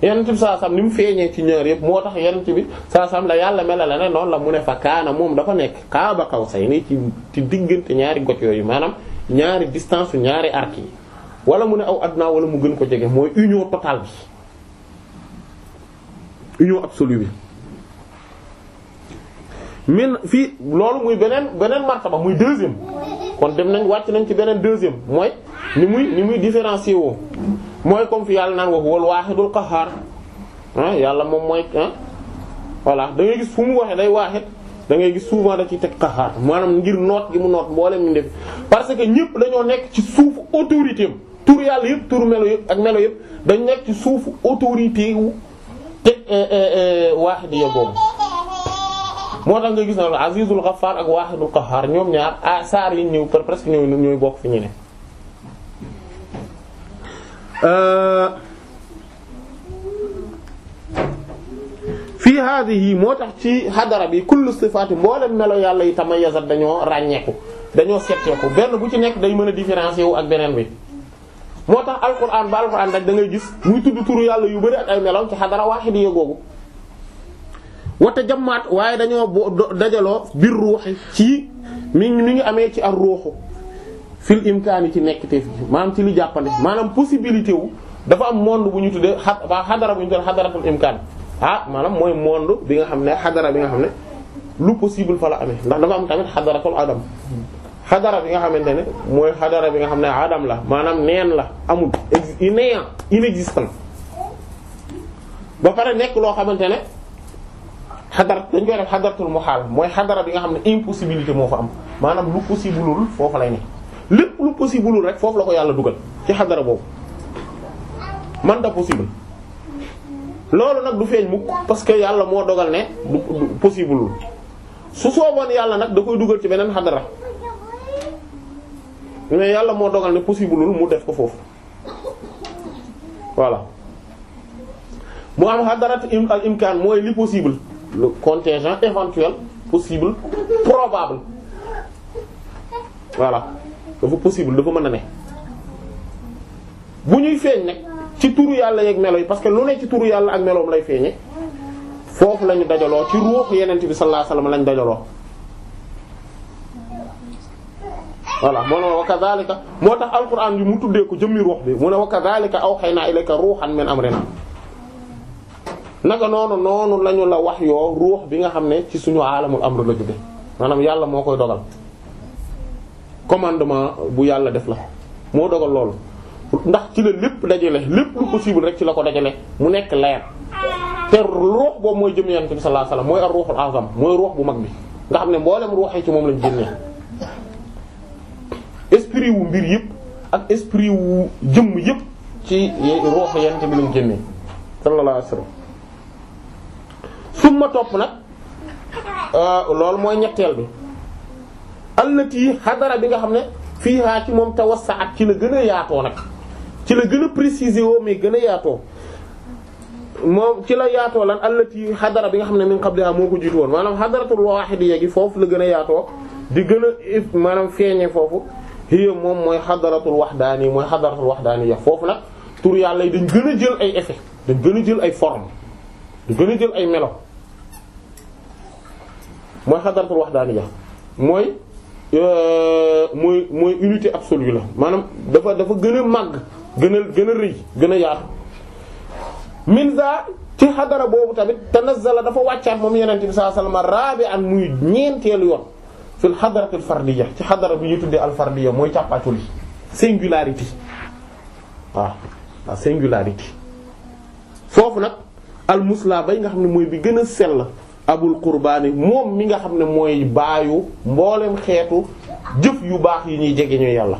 yonent bi saa sam ni mu feeñee ci ñaar yëpp moo tax yonent bi saa sam la yàlla melal ne noonu la mu ne fa kaana moom dafa nekk kaaba kaw say nii ci ci diggante ñaari got yooyu maanaam ñaari distance ñaari arc yi wala mu ne aw adna wala mu gën ko jege mooy union totale bi union absolue bi. min fii loolu muy beneen beneen martaba muy deuxième kon dem nañ wàcc nañ ci beneen deuxième mooy ni muy ni muy différencier woo. mooy comme fi yàlla naan wax wal waaxidul qaxaar ah yàlla moom mooy ah voilà dangay ngay gis fu mu waxee day waaxit da ngay gis souvent da ciy teg qaxaar maanaam ngir noot gi mu noot mboolem ñu def parce que ñëpp dañoo nekk ci suuf autorité am tur yàlla yëpp tur melo yëpp ak melo yëpp dañ nekk ci suuf autorité wu te eh, eh, eh, waaxidiya boobu moo tax nga gis na azizul ghaffar ak waaxidul qaxaar ñoom ñaar ah saar yi ñëw presque ñooy ñooy bokk fi ñu Euh, fii haadihi moo tax ci xadara bi kullu sifaati mboolem melo yàlla yi tamayyazat dañoo ràññeeku dañoo setteeku benn bu ci nekk day mën a différencier wu ak beneen bi moo tax alquran ba alquran rek da ngay gis muy tudd turu yàlla yu bari ak ay meloom ci xadara waaxidiya googu wata jammaat waaye dañoo dajaloo bir ruuxi ci mi mu ngi amee ci ak ruuxu fil imkaani ci nekkteef gi maanaam ci li jàppande maanaam possibilité wu dafa am monde bu ñu tuddee xa xadara bu ñu tuddee xadaratul imkaan ah maanaam mooy monde bi nga xam ne xadara bi nga xam ne lu possible fa la amee ndax dafa am tamit xadaratul adam xadara bi nga xamante ne mooy xadara bi nga xam ne adam la maanaam neen la amul néant inexistant ba pare nekk loo xamante ne xadar dañ koy def xadaratul xaal mooy xadara bi nga xam ne impossibilité moo fa am maanaam lu foofu lay lépp lu possible rek foofu la ko yàlla dugal ci xadara boobu man da possible loolu nag du feeñ mukk parce que yàlla moo dogal ne possible lul su sooboon yàlla nag da koy dugal ci beneen xadara mais yàlla moo dogal ne possible mu def ko foofu voilà mu am xadaratu im al imkaan mooy li possible le contingent possible probable voilà dafa possible dafa mën a ne bu ñuy feeñ nag ci turu yàlla yeeg melo yi parce que lu ne ci turu yàlla ak meloom lay feeñee foofu lañu dajaloo ci ruux yenent bi sallallahu alayhi wasallam lañu dajaloo voilà moo ne wa kadhalika moo tax alquran bi mu tuddee ko jëmmi ruux bi mu ne wa kadhalika awhaynaa ilayka am min amrina naka noonu noonu lañu la wax yoo ruux bi nga xam ne ci suñu aalamul amr la jóge yàlla moo koy dogal commandement bu yàlla def la moo dogal loolu ndax ci la lépp dajale lépp lu possible rek ci la ko dajale mu nekk leer te ruux boobu mooy jëm yonent bi sallallahu alayhi mooy ar ruuxul azam mooy ruux bu mag bi nga xam ne mboolem ruux yi ci moom lañ génnee wu mbir yëpp ak esprit wu jëmm yëpp ci ruux yonent bi lañ génnee sallallahu alayhi wasallam summa topp nag euh, loolu mooy ñetteel bi allati xadara bi nga xam ne fii haa ci moom tawassaat ci la gën a yaatoo nag ci la gën a préciser woo mais gën a yaatoo moom ci la yaatoo lan allati xadara bi nga xam ne min qabliha moo ko jiitu woon maanaam xadaratul waahidiyya gi foofu la gën a yaatoo di gën a maanaam feeñe foofu moom mooy xadaratul wahdaani mooy xadaratul wahdaaniyya foofu nag tur yàlla yi dañ gën a jël ay effet dañ gën a jël ay forme dañ gën a jël ay melo mooy xadaratul wahdaaniyya mooy Euh, mooy mooy unité absolue la maanaam dafa dafa gën a màgg gën a gën a rëy gën a yaatu min za ci xadara boobu tamit tanazzala dafa wàccaat moom yenente bi sallallahu alayhi wasallam an muy ñeenteelu yoon fil xadaratil fardiya ci xadara bi ñu tuddee al fardiya mooy càppaacul yi singularité waaw waaw singularité foofu nag al musla bay nga xam ne mooy bi gën a la abul qurbaani moom mi nga xam ne mooy baayu mboolem xeetu jëf yu baax yi ñuy jege ñu yàlla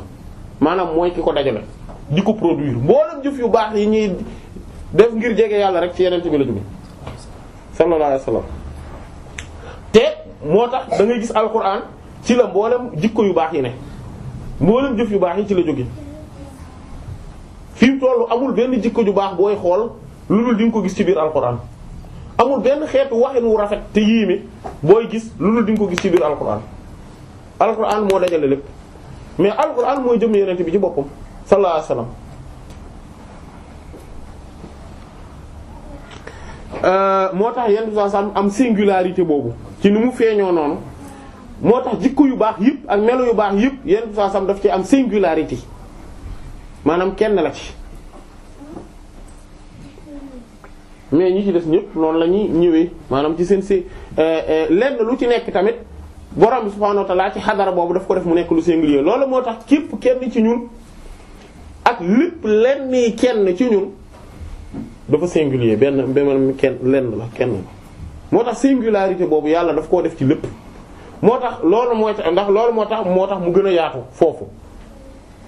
maanaam mooy ki ko dajale di ko produire mboolem jëf yu baax yi ñuy def ngir jege yàlla rek ci yeneen bi la jóge sallallahu alayhi wasallam te moo tax dangay gis alquran ci la mboolem jikko yu baax yi ne mboolem jëf yu baax yi ci la jóge fi mu tollu amul benn jikko ju baax booy xool lu dul di ko gis ci biir alquran amul benn xeetu waxin wu rafet te mi booy gis loolu di nga ko gis ci biir alquran alquran moo dajale lépp mais alquran mooy jëm yeneen bi ci boppam sallallahu alayhi wasallam euh, moo tax yenn façon am singularité boobu ci ni mu feeñoo noonu moo tax jikko yu baax yëpp ak melo yu baax yëpp yenn façon daf ci am singularité maanaam kenn la ci. mais ñi ci des ñëpp noonu la ñuy ñëwee maanaam ci seen si euh, euh, lenn lu ci nekk tamit borom bi subhaanahu wa ta'ala ci xadara boobu daf ko def mu nekk lu singulier loolu moo tax képp kenn ci ñun ak lépp lenn kenn ci ñun dafa singulier benn benn kenn lenn la kenn moo tax singularité boobu yàlla daf koo def ci lépp moo tax loolu moo tax ndax loolu moo tax moo tax mu gën a yaatu foofu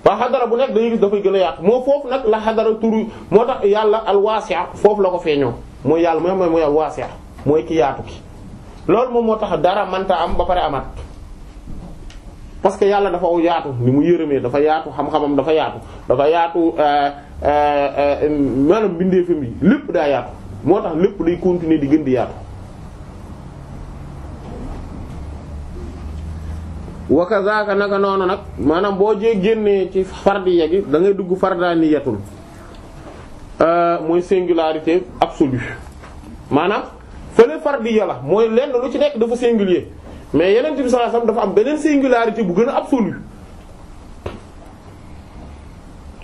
waaw xadara bu nekk dañuy gis dafay gën a yaatu moo foofu nag la xadara turu moo tax yàlla alwaasi'a foofu la ko feeñoo mooy yàlla mooy mooy mooy alwaasi'a mooy ki yaatu ki loolu moom moo tax dara manta am ba pare amaat parce que yàlla dafa yaatu ni mu yërëmee dafa yaatu xam-xamam dafa yaatu dafa yaatu euh, euh, euh, maanaam mbindeefam yi lépp daa yaatu moo tax lépp day continuer di gën di yaatu wakazaaka naka noonu nag maanaam boo jee génnee ci fardiya gi da ngay dugg fardaniyatul euh, mooy singularité absolue maanaam fële fardiya la mooy lenn lu ci nekk dafa singulier mais yeneen bi sallallahu alayhi wasallam dafa am beneen singularité bu gën a absolue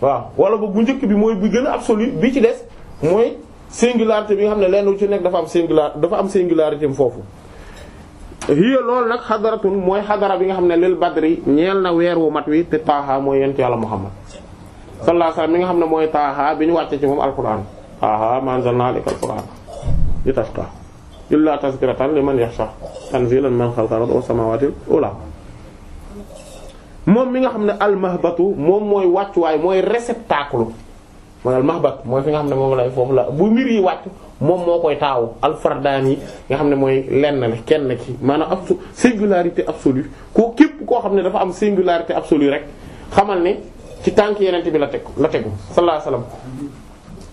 waaw wala ba bu njëkk bi mooy bu gën a absolue bi ci des mooy singularité bi nga xam ne lenn lu ci nekk dafa am singular dafa am foofu hiya loolu nag xadaratun mooy xadara bi nga xam ne lil badri ñeel na weer wu mat wi te taaha mooy yent yàlla muhammad sallallahu alayhi wasallam mi nga xam ne mooy taaha bi ñu wàccee ci moom alquran taaha ma anzalna alayka alquran li tashqa illa tazkiratan liman yakhsha tanzilan man xalqa wa samawati ula moom mi nga xam ne almahbatu moom mooy wàccuwaay mooy réceptacle mooy al mahbat mooy fi nga xam ne moom la foofu la bu mbir yi wàcc moom moo koy taawu alfardaan yi nga xam ne mooy lenn la kenn ki maanaam absu singularité absolue ko képp koo xam ne dafa am singularité absolue rek xamal ne ci tànk yeneen bi la teg la tegu sallallahu alayhi wasallam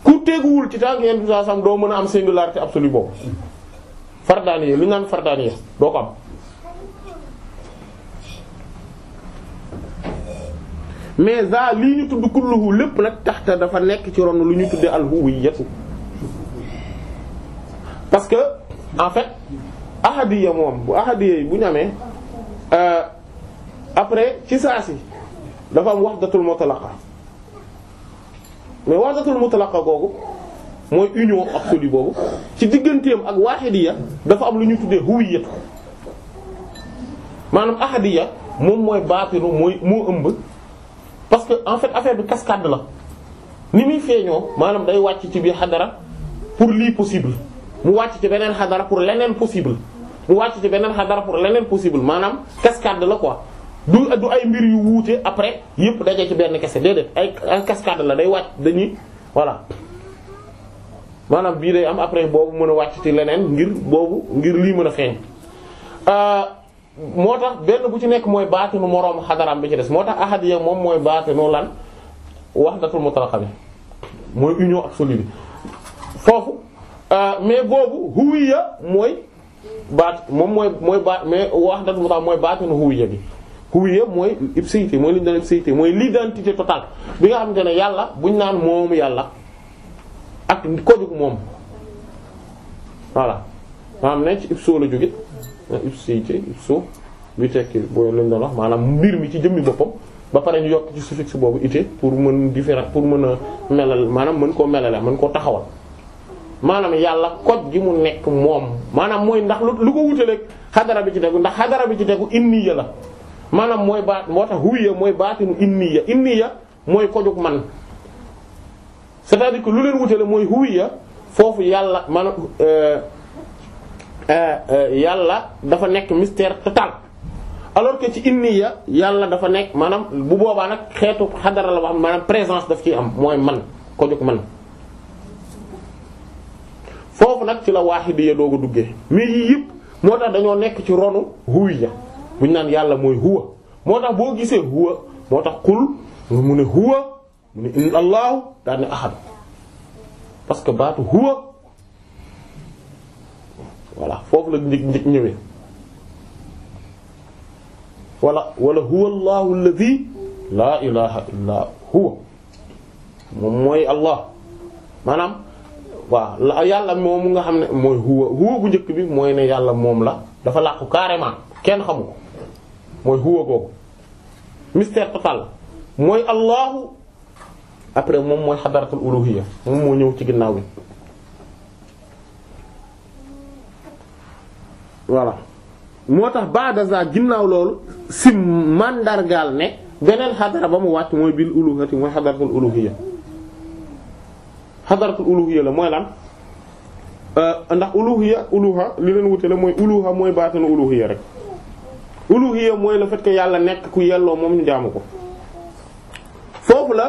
ku teguwul ci tànk yeneen bi sallallahu alayhi doo mën a am singularité absolue boobu fardaan yi li ñu naan fardaan yi doo ko am mais za li ñu tudd kulluhu lépp nag taxta dafa nekk ci ron lu ñu tuddee alhuwiyatu parce que en fait ahadiya moom bu ahadiya yi bu ñu amee euh, après ci saa si dafa am wax wahdatul mutlaqa mais wahdatul mutlaqa boobu mooy union absolue boobu ci digganteem ak wahidiya dafa am lu ñu tuddee huwiyatu maanaam ahadia moom mooy baatinu mooy moo ëmb parce que en fait affaire bi cascade la ni muy feeñoo maanaam day wàcc ci biir xadara pour lii possible mu wàcc ci beneen xadara pour leneen possible mu wàcc ci beneen xadara pour leneen possible maanaam cascade la quoi du du ay mbir yu wuute après yëpp daje ci benn kese déedéet ay cascade la day wàcc dañuy voilà maanaam bii day am après boobu mën a wàcc ci leneen ngir boobu ngir lii mën a feeñ. Euh, moo tax benn bu ci nekk mooy baatinu moroom xadaram bi ci des moo tax ahadiya moom mooy baatinu lan wahdatul mutlaqa bi mooy union absolue bi foofu euh, mais boobu huwiya mooy baat moom mooy mooy baat mais wax wahdatul mutlaqa mooy baatinu huwiya bi huwiya mooy ipséité mooy li ñu daan ipséité mooy l'identité totale bi nga xamante ne yàlla buñ naan moomu yàlla ak ko jug moom voilà maanaam ne ci ipso la ipsi ci ipsu lañ doon wax maanaam mbir mi ci jëmmi boppam ba pare ñu yokk ci suffixe boobu ité pour mën différent pour mën a melal maanaam mën koo melale mën koo taxawal maanaam yàlla koj gi mu nekk moom maanaam mooy ndax lu ko wute rek xadara bi ci tegu ndax xadara bi ci tegu inniya la maanaam mooy baat moo tax huwiya mooy baatinu inniya inniya mooy kojug man c'est-à-dire que lu leen wutale mooy huwiya foofu yàlla maanaam euh, Euh, euh, yàlla dafa nekk mystère total alors que ci inniya yàlla dafa nekk maanaam bu boobaa nag xeetu xadara la boo xam présence daf ciy am mooy man ko jóg man foofu nag ci la waaxidiya doog a duggee mais yii yëpp moo tax dañoo nekk ci ronu huwiya bu ñu naan yàlla mooy huwa moo tax boo gisee huwa moo tax xul mu ne huwa mu ne in allahu daane ahad parce baatu huwa voilà foofu la njëg njëg ñëwee walla wala huwa allahu alladhi laa ilaha illa huwa moom mooy allah maanaam waaw la yàlla moomu nga xam ne mooy huwa huwa bu njëkk bi mooy ne yàlla moom la dafa làqu carrément kenn xamu ko mooy huwa googu mystère total mooy allahu après moom mooy xadaratul uluhiyya moom moo ñëw ci ginnaaw bi voilà moo tax badaza ginnaaw loolu sim mandargaal ne beneen xadara ba mu wàcc mooy bil uluhati mooy xadaratul uluhiyya xadaratul uluhiyya la mooy lan euh, ndax uluhiyya uluha li leen wute mooy uluha mooy baatinu uluhiyya rek uluhiyya mooy la fait yàlla nekk ku yelloo moom ñu jaamu ko foofu la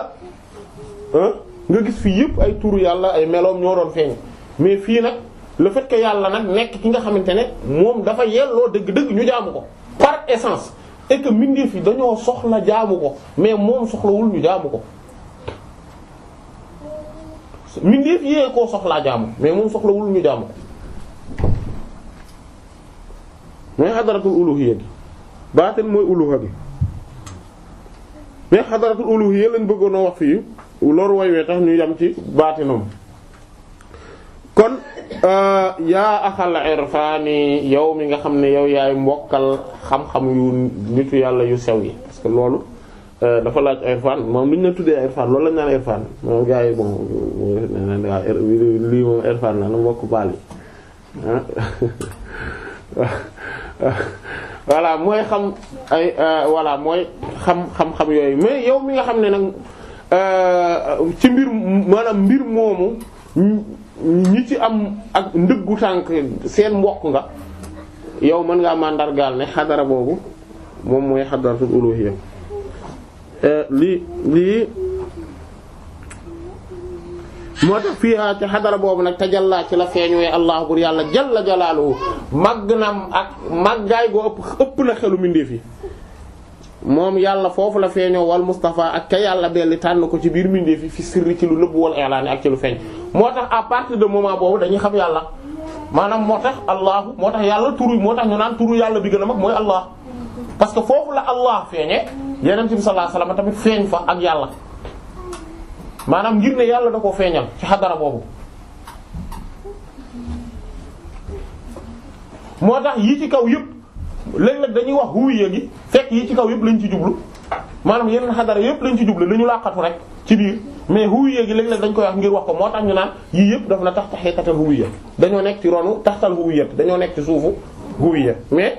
nga gis fii yëpp ay tur yàlla ay meloom ñoo doon feeñ mais fii nag le fait yàlla nag nekk ki nga xamante ne moom dafa yelloo dëgg-dëgg ñu jaamu ko par essence et que mbindeef yi dañoo soxla jaamu ko mais moom soxlawul ñu jaamu ko mbindeef yee koo soxlaa jaamu mais moom soxlawul ñu jaamu mais xadaratul uluhiyya gi baatin mooy uluha gi mais xadaratul uluhiyya lañ bëggoon a wax fii loolu way wee tax ñu yam ci baatinam kon Euh, yaa axal irfaani yow mi nga xam ne yow yaay mbokkal xam-xam yu nitu yàlla yu sew yi parce que loolu euh, dafa laaj irfaan moom li ñu la tuddee irfaan loolu lañ naan irfaan moom gars yi bon lii moom irfaan la na mbokk baal yi ah. *laughs* voilà mooy xam ay euh, mooy xam xam yooyu mais yow mi nga xam ne nag ci mbir maanaam mbir moomu ñi ci am ak ndëggu tànk seen mbokk nga yow mën nga màndargaal ne xadara boobu moom mooy xadaratul uluhiyya euh, lii lii moo tax fii ci xadara boobu nag ta tajallaa ci la feeñuwee allah bur yàlla jalla jalaaluhu màgg na ak màggaay goo ëpp ëpp na xelu mbindeef yi moom yàlla foofu la feeñoo wal Moustapha ak ka yàlla belli tànn ko ci biir mbindeef yi fi sirri ci lu nëbb wal i'laani ak ci lu feeñ moo tax à de moment boobu dañuy xam yàlla maanaam moo tax allahu moo tax yàlla turu moo tax ñu naan yàlla bi gën a mag parce que foofu la allah feeñee yeneen bi sallallahu alayhi wasallam tamit feeñ fa ak yàlla maanaam ngir ne yàlla da koo feeñal ci xadara boobu moo tax yi ci kaw yépp léeg-léeg dañuy wax huwiya gi fekk yi ci kaw yëpp lañ ci jublu maanaam yeneen xadara yëpp lañ ci jublu li ñu laqatu rek ci biir mais huwiya gi léeg-léeg dañ koy wax ngir wax ko moo tax ñu naan yii yëpp daf na tax taxikatal huwiya dañoo nekk ci ronu taxtal huwiya dañoo nekk ci suufu huwiya mais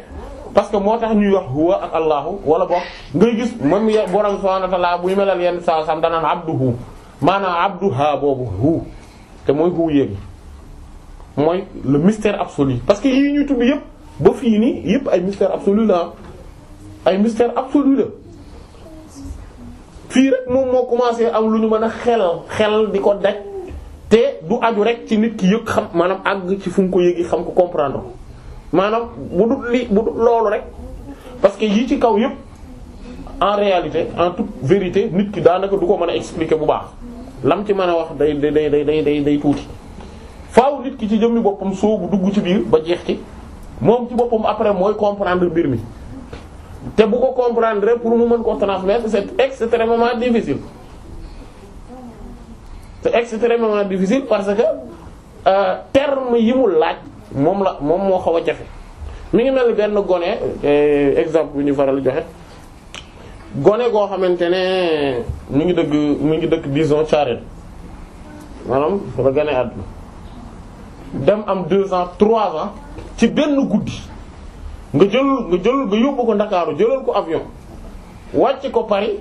parce que moo tax ñuy wax huwa ak allahu wala boog ngay gis moom borom subhanahu wa ta'ala buy melal yenn saa sam danaan abduhu maanaam abduha boobu hu te mooy huwiya gi mooy le mystère absolu parce que yii ñuy tudd yëpp. ba fii ni yëpp ay mystère absolu la ah. ay mystère absolu la fii rek moom moo commencé am lu ñu mën a xel xel di ko daj te du aju rek ci nit ki yëpp xam maanaam àgg ci fu mu ko yëgi xam ko comprendre maanaam bu dul li bu dul loolu rek parce que yii ci kaw yëpp en réalité en toute vérité nit ki daanaka du ko mën a expliquer bu baax lam ci mën a wax day day day day day tuuti faaw nit ki ci jëmmi boppam bu dugg ci biir ba jeex ci moom ci boppam après mooy comprendre mbir mi te bu ko comprendre pour mu mën ko transmettre c'est extrêmement difficile c'est extrêmement difficile parce que euh, terme yi mu laaj moom la moom moo xaw a jafe mi ngi mel ni benn gone euh, exemple bi ñu faral joxe gone goo xamante ne mu ngi dëkk mu ngi dëkk disons Thiarène maanaam fa la gane àdduna dem am deux ans trois ans ci benn guddi nga jël nga jël nga yóbbu ko Ndakaaru jëlal ko avion wàcc ko Paris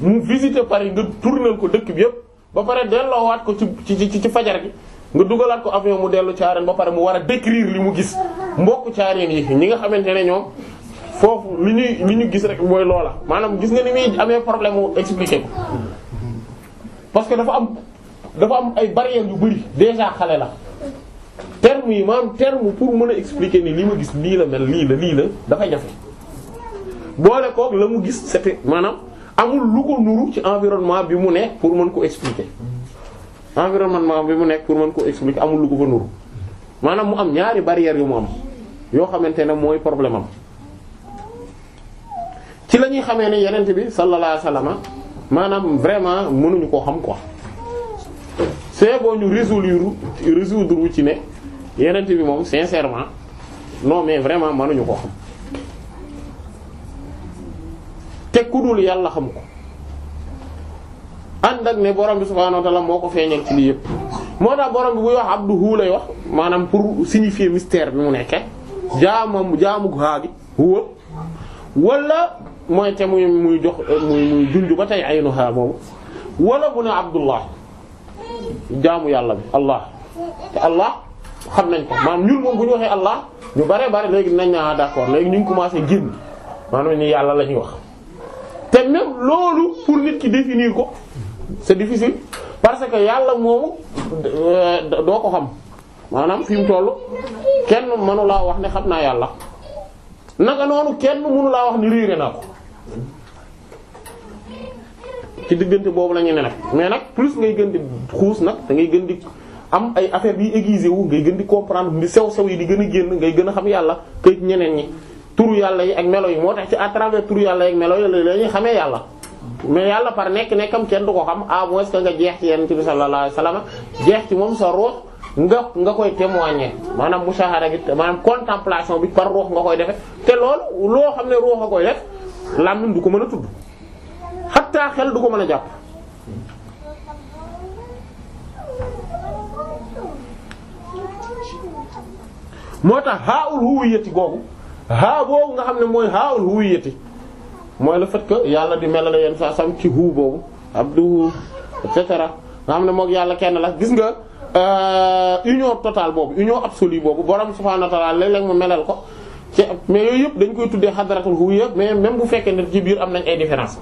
mu visiter Paris nga tourner ko dëkk bi yépp ba pare delloowaat ko ci ci ci fajar bi nga dugalaat ko avion mu dellu caareen ba pare mu war a décrire li mu gis mbokku caareen yi ñi nga xamante ne ñoom foofu li ñuy li ñu gis rek mooy loola maanaam gis nga ni muy amee problème mu expliquer ko parce que dafa am dafa am ay barrières yu bari déjà xale la. terme yi maanaam terme pour mën a expliquer ni li ma gis lii la mel lii la lii la dafay jafe boole kook la mu gis c'était maanaam amul lu ko nuru ci environnement bi mu nekk pour mën ko expliquer environnement bi mu nekk pour mën koo expliquer amul lu ko fa nuru maanaam mu am ñaari barrières yu mu am yoo xamante ne mooy problème am ci lañuy ñuy xamee ne bi sallallahu alayhi maanaam vraiment mënuñu koo xam ko c'est bon ñu résoudre résoudre wu ci ne yenent bi moom sincèrement non mais vraiment mënuñu ko xam te ku dul yàlla xam ko ànd ak ne borom bi subhaanahu wa ta'ala moo ko feeñal ci lii yëpp moo tax borom bi buy wax abduhu lay wax maanaam pour signifier mystère bi mu nekke jaamam jaamu gaa gi huwa wala mooy te muy muy jox muy muy junj ba tey aynu haa moomu wala bu ne abdullah jaamu yàlla bi allah te allah xam nañ ko maanaam ñun moom bu ñu waxee allah ñu bare bare léegi nañ naa ah, d'accord léegi ñu ngi commencé génn maanaam ñu yàlla la ñuy wax te même loolu pour nit ki définir ko c'est difficile parce que yàlla moomu euh, doo ko xam maanaam fi mu toll kenn mënu laa wax ne xam naa yàlla naka noonu kenn mënu laa wax ni réere naa ko ci diggante boobu la ñu ne nag mais nag plus ngay gën di xuus nag da gën di am ay affaire bi aiguisé wu ngay gën di comprendre di sew sew yi di gën a génn ngay gën a xam yàlla këy ñeneen ñi turu yàlla yi ak melo yi moo tax ci à travers turu yàlla yi ak melo yi la ñuy xamee yàlla mais yàlla par nekk nekkam kenn du ko xam à moins que nga jeex ci yenn ci bi sallallahu alayhi wasallam jeex ci moom sa ruux nga nga koy témoigner maanaam mushahada bi maanaam contemplation bi par ruux nga koy defe te loolu loo xam ne ruux a koy def làmmiñ du ko mën a tudd hatta xel du ko mën a jàpp moo tax haaul huwiyati googu haa boobu nga xam ne mooy haaul huwiyati mooy la fait que yàlla di melal yenn saa sam ci huu boobu abdu et cetera nga xam ne moog yàlla kenn la gis nga euh, union totale boobu union absolue boobu borom subhaanahu wa ta'aala léeg-léeg mu melal ko mais yooyu yëpp dañ koy tuddee hadratul huwiyya mais même bu fekkee ne ci biir am nañ ay différence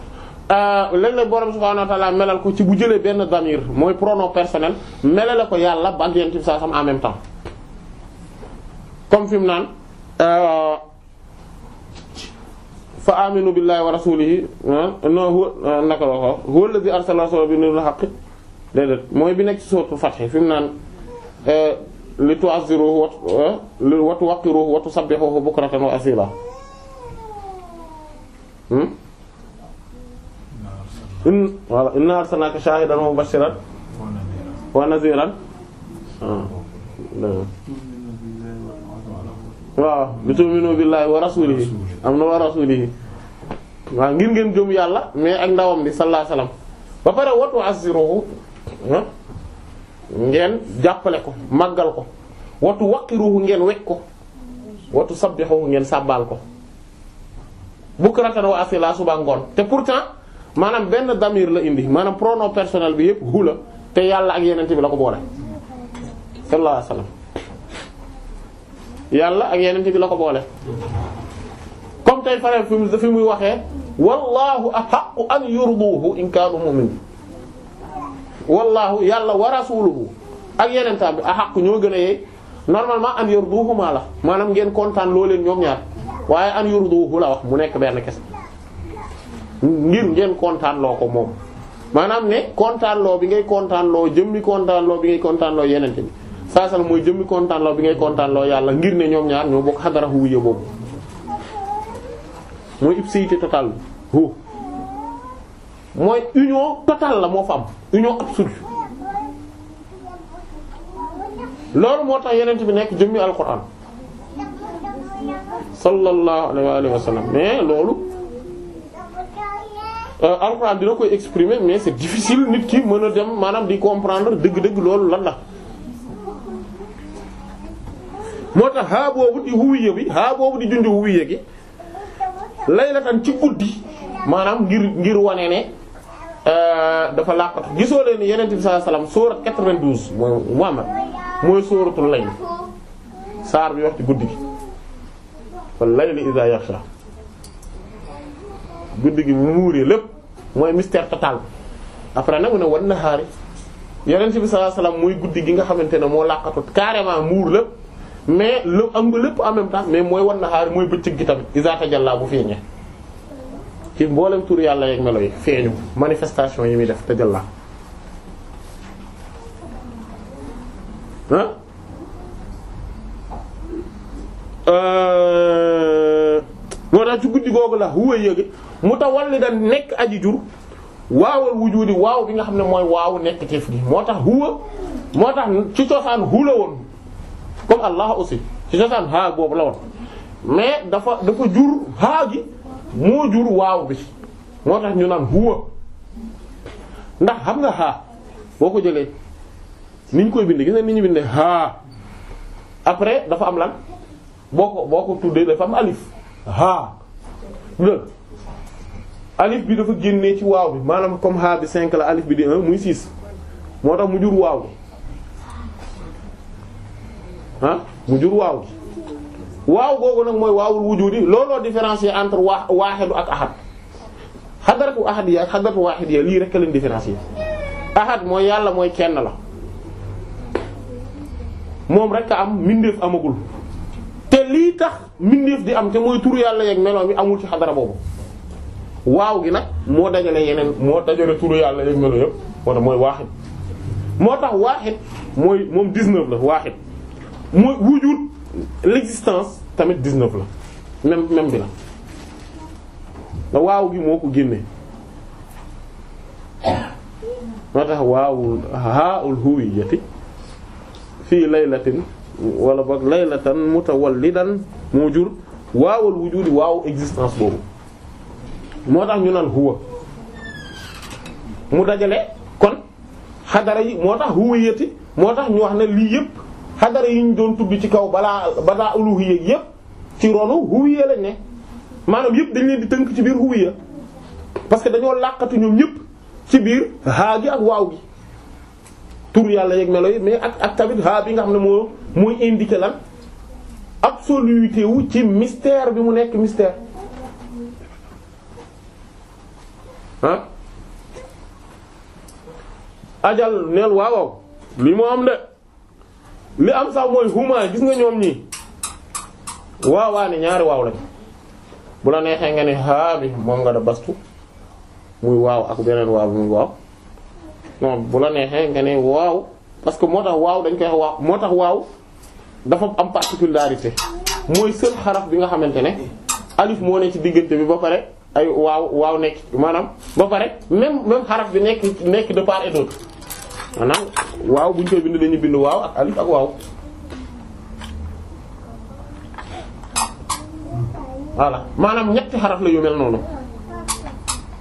Euh, léeg-léeg borom subhaanahu wa ta'ala melal ko ci bu jëlee benn damir mooy pronom personnel melale ko yàlla ba ak yonent bi sallallahu alayhi comme fi mu naan euh, fa aminu billahi wa rasulihi no huwa euh, naka la ko huwa alladhi arsala rasulahu bil bi nekk ci sourate Fath fi mu naan li tu'azziruhu wa tuwaqqiruhu in voilà inna arsalnaka shahidan wa mubashiran wa nadhiran waaw bi tu'minu billahi wa rasulihi am na wa rasulihi waaw ngir ngeen gëm yàlla mais ak ndawam bi sallallahu alayhi ba pare watu asiruhu ngeen jàppale ko màggal ko watu waqiruhu ngeen wekk ko watu sabbihuhu ngeen sàbbaal ko bukratan wa asila suba ngoon te pourtant maanaam benn damir la indi maanaam pronom personnel bi yëpp hu te yàlla ak yenente bi la ko boole sallallahu yàlla ak yenente bi la ko boole comme tey fare fi muy waxee wallahu ahaqqu an yurduhu in kaanu mu'minin wallahu yàlla wa rasuluhu ak yenentaan bi ahaqqu ñoo gën a yeey normalement an yurduhu maa la maanaam ngeen kontaan loo leen ñoom ñaar waaye an yurduhu la wax mu nekk benn kese ngir ngeen kontaanloo ko moom maanaam ne kontaanloo bi ngay kontaanloo jëmmi kontaanloo bi ngay kontaanloo yeneen bi saa sal mooy jëmmi kontaanloo bi ngay kontaanloo yàlla ngir ne ñoom ñaar ñoo bokk xadara wuye boobu mooy ipséité totale bi la moo fa am union absolue loolu moo tax yeneen bi nekk jëmmi alxuraan sallallahu alayhi wa sallam mais loolu Euh, alxuraan dina koy exprimer mais c'est difficile nit ki mën a dem maanaam di comprendre dëgg-dëgg loolu lan la. moo tax xaa boobu di huwiya bi xaa boobu di junj huwiya gi laylatan ci guddi maanaam ngir ngir wane ne euh, dafa làqatu gisoo leen yeneen bi sallallahu alayhi wasallam suura 92 mooy Muhammad mooy suuratul layl saar bi wax ci guddi gi wal layli iza yaxsha guddi gi mu muuree lépp mooy mystère total après nag mu ne wan na xaari yonent bi sallallahu alayhi wasallam mooy guddi gi nga xamante ne moo làqatu carrément muur lépp mais lu am nga lépp en même mais mooy wan na xaari mooy bëccëg gi tamit iza tajalla bu feeñee ci mboolem tur yàlla yeeg melo yi feeñu manifestation yi muy def tajalla ah moo tax ci guddi googu la huwa yëg mutawallidan nekk aji jur waawal wujudi waaw bi nga xam ne mooy waaw nekk teef gi moo tax huwa moo tax ci cosaan hu la woon comme Allah aussi ci cosaan boobu la woon mais dafa dafa jur haa gi moo jur waaw bi moo tax ñu naan huwa ndax xam nga haa boo ko jëlee ni ñu koy bind gis nga ni ñu bindee haa après dafa am lan boo ko boo ko tuddee dafa am alif ha alif bi dafa génnee ci waaw bi maanaam comme ha bi cinq la alif bi di un muy six moo tax mu jur waaw ah mu jur waaw gi waaw googu nag mooy waawul wujudi looloo différencier entre waa waaxidu ak ahad xadaratu ahadiyya ak xadaratu waahidiyya lii rek lañ différencier ahad moo yàlla mooy kenn la moom rek am mbindeef amagul te lii tax mbindeef di am te mooy tur yàlla yeeg meloom yi amul ci xadara boobu waaw gi nag moo dajale yeneen moo dajale turu yàlla yeeg meloom yëpp moo mooy waaxit moo tax waaxit mooy moom 19 la waaxit mooy wujud l'existence tamit 19 bi la da waaw gi moo ko génne moo tax waaw haa ul huwiyati fii laylatin wala boog laylatan mutawallidan moo jur waawal wujudi waaw existence boobu moo tax ñu naan huwa mu dajale kon xadara yi moo tax huwa yéti moo tax ñu wax ne lii yëpp xadara yi ñu doon tudd ci kaw balaa balaa uluhiyya yépp ci ronu huwiya lañ ne maanaam yëpp dañ leen di tënk ci biir huwiya parce que dañoo làqatu ñoom ñëpp ci biir haa gi ak waaw gi tur yàlla yeeg melo yi mais ak ak haa bi nga xam ne moo muy indiquer lan absoluité wu ci mystère bi mu nekk mystère ah ajal neel waawaw li moo am de li am sax mooy huma gis nga ñoom ñi waawaa ñaari waaw lañ bu la neexee nga ne haa bi moom nga da bastu muy waaw ak beneen waaw muy waaw bu la neexee nga ne waaw parce que moo tax waaw dañ koy waaw moo tax waaw dafa am particularité mooy seul xaraf bi nga xamante ne alif moo ne ci diggante bi ba pare ay waaw waaw nekk maanaam ba pare même même xaraf bi nekk nekk de part et maanaam waaw bu ñu koy bind dañuy bind waaw ak alif maanaam ñetti xaraf la yu mel noonu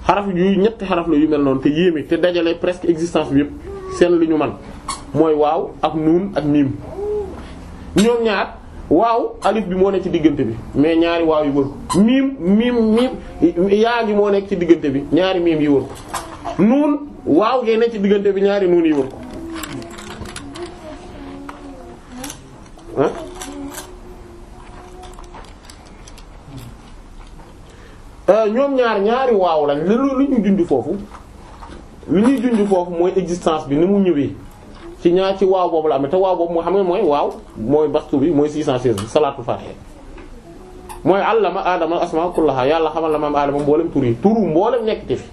xaraf yu ñetti xaraf la yu mel noonu te yéeme te dajale presque existence bi yëpp seen li ñu man mooy waaw ak nuun ak niim ñoom ñaar waaw alif bi moo nekk ci diggante bi mais ñaari waaw yu wër ko miim miim miim yaa gi moo nekk ci diggante bi ñaari miim yi wër ko nuun waaw gee nekk ci diggante bi ñaari nuun yi wër ko ah euh, ñoom ñaar ñaari waaw lañ lu lu ñu junj foofu lu ñuy junj foofu mooy existence bi ni mu ñëwee ci ñaar ci waaw boobu la amee te waaw boobu moo xam ne mooy waaw mooy bastu bi mooy 616 bi salaatul fatiha mooy allama aadama asmaa kullaha yàlla xamal la maam adama mboolem tur yi turu mboolem nekkati fi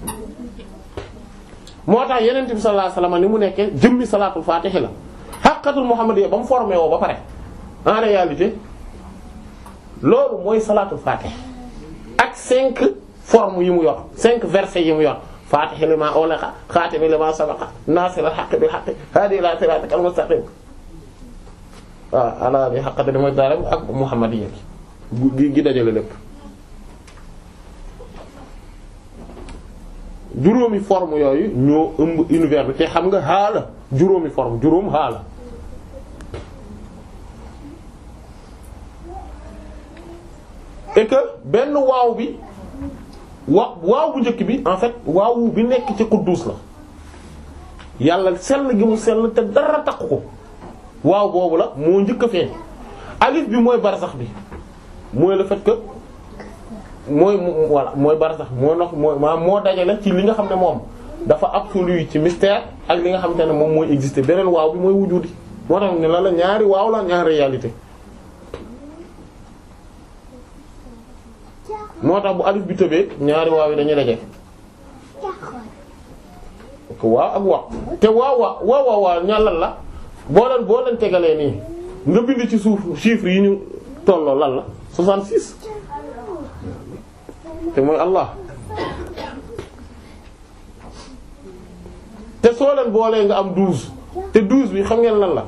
moo tax yeneen bi sallallahu alayhi wasallam ni mu nekkee jëmmi salaatul fatiha la xaqatul muhammadiyya ba mu formé woo ba pare en réalité loolu mooy salaatul fatiha ak cinq formes yi mu yor cinq versets yi mu yor faatihi limaa ughliqa xaatimi limaa sabaqa naasiril haqqi bil haqqi haadi ilaa siraatikal mustaqiim waaw alaa bi haqqi dama daaram ak muhammadiyya gi gi dajale lépp juróomi forme yooyu ñoo ëmb univers bi te xam nga xaala juróomi forme juróom xaala et benn waaw bi waaw waaw bu njëkk bi en fait waaw bi nekk ci quddus la yàlla sell gi mu sell te dara takku ko waaw boobu la moo njëkk a feeñ alif bi mooy barsax bi mooy le fait que mooy voilà mooy barsax moo nox mooy maanaam moo dajale ci li nga xam ne moom dafa absolu ci mystère ak li nga xamante ne moom mooy exister beneen waaw bi mooy wujudi moo tax ne la la ñaari waaw la ñaari réalité moo tax bu alif bi tëbee ñaari waaw yi dañuy daje waaw ak waaw te waaw waaw waaw waaw waaw la boo leen tegalee nii nga bind ci suuf chiffre yi ñu tolloo lan la 66 te mooy Allah te soo leen boolee nga am 12 te 12 bi xam ngeen lan la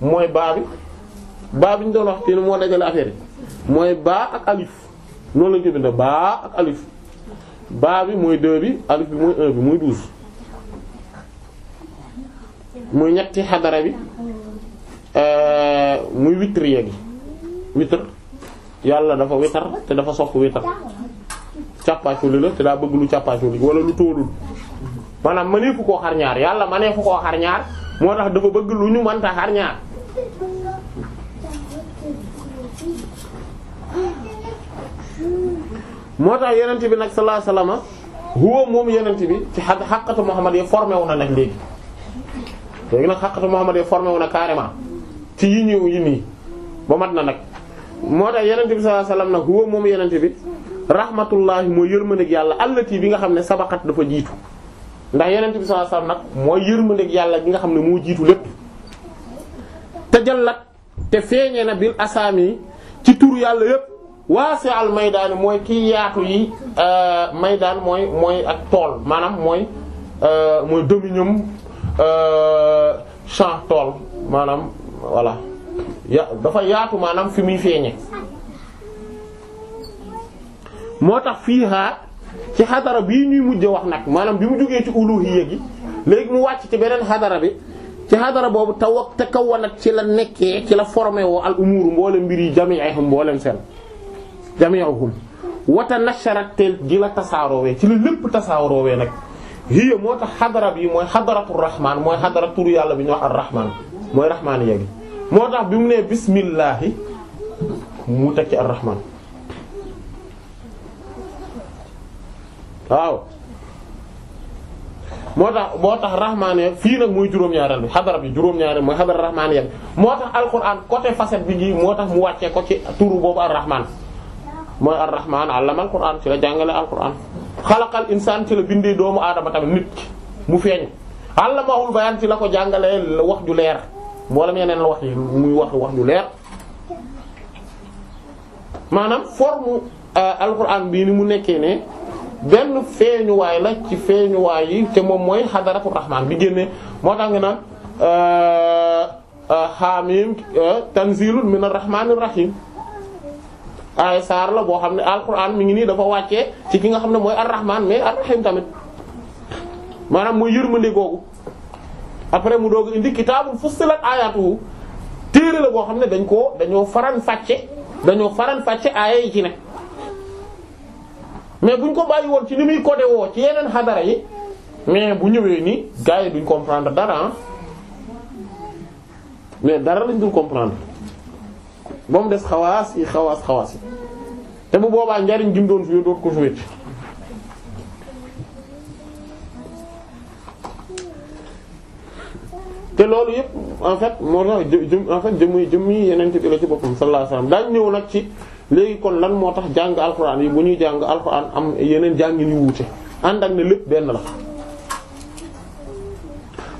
mooy baa bi baa bi ñu doon wax te moo dajale affaire yi mooy baa ak alif noonu la ko bindee baa ak alif baa bi mooy deux bi alif bi muy un bi mooy douze muy ñetti xadara bi euh, muy witr yeegi witr yàlla dafa witar te dafa sopp witar càppaaculi la te daa bëgg lu càppaaculi wala lu tóolul maanaam mëneefu koo xar ñaar yàlla mëneefu koo xar ñaar moo tax dafa bëgg lu ñu mënta xar moo tax yonent bi nag sallallahu alayhi wasallam huwa moom yonent bi ci xa xàqatu Muhammad yi formé wu na nag léegi léegi nag xàqatu Muhammad yi formé wu na carrément ci yi ñëw yi nii ba mat na nag moo tax yonent bi sallallahu alayhi wasallam nag huwa moom yonent bi rahmatullahi mooy yërmandeeg yàlla allati bi nga xam ne sabaxat dafa jiitu ndax yonent bi sallallahu alayhi wasallam nag mooy yërmandeeg yàlla bi nga xam ne moo jiitu lépp tajallat te feeñee na bil asaami ci tur yàlla yépp waa waasi al maydaan mooy kii yaatu yi euh, maydaan mooy mooy ak tool maanaam mooy euh, mooy dominium euh, champ tool maanaam voilà ya dafa yaatu maanaam fi muy feeñe moo tax fii xaar ci xadara bii ñuy mujj wax nag maanaam bi mu jógee ci uluhiyya gi léegi mu wàcc ci beneen xadara bi ci xadara boobu te wa te kawanat ci la nekkee ci la formé woo al umuru mboolem mbir yi jami'ihum mboolem seen jami'uhum wata nasharat teel gi la tasaaroowee ci la lépp tasaaroowee nag hiya moo tax xadara yi mooy xadaratu rahmaan mooy xadara turu yàlla bi ñu wax ar-rahmaan mooy rahmaan yeegi moo tax bi mu nee bismillaahi mu teg ci ar-rahmaan waaw moo tax moo tax rahmaan yeeg fii nag mooy juróom-ñaareel bi xadara yi juróom-ñaareel mooy xadara rahmaan yeeg moo tax alxuraan côté facette bi gi moo tax mu wàccee ko ci turu boobu ar mooy ar-rahmaan allama al-qur'aan ci la jàngale al-qur'aan xalaqal insaan ci la bindee doomu aadama tamit nit mu feeñ allamahul bayaan ci la ko jàngalee wax ju leer mboolem yeneen la wax yi muy wax wax ju leer maanaam forme euh, bii ni mu nekkee ne benn feeñuwaay la ci feeñuwaay yi te moom mooy xadaratu rahmaan bi génnee moo tax na naan euh, euh, xaamim tanzilun minar rahmaanir rahiim ay saar la boo xam ne alquran mi ngi nii dafa wàccee ci ki nga xam ne mooy arrahman mais arrahim tamit maanaam mooy yërmande googu après mu doog indi kitaabul fussilat ayatuhu téere la boo xam ne dañ ko dañoo faral fàcce dañoo faral fàcce aaya yi ci ne mais buñ ko bàyyi woon ci ni muy codé woo ci yeneen xadara yi mais bu ñëwee nii gars yi duñ comprendre dara mais dara lañ dul comprendre ba mu des xawaas yi xawaas xawaas yi te bu boobaa njariñ gi mu doon fi doot ko fi wécc te loolu yëpp en fait moo tax jëm en fait jëmm jëmm yi yeneen bi la ci boppam sallallahu alayhi wasallam daañ ñëw nag ci léegi kon lan moo tax jàng alxuraan yi bu ñuy jàng alxuraan am yeneen jàngi yu wuute ànd ak ne lépp benn la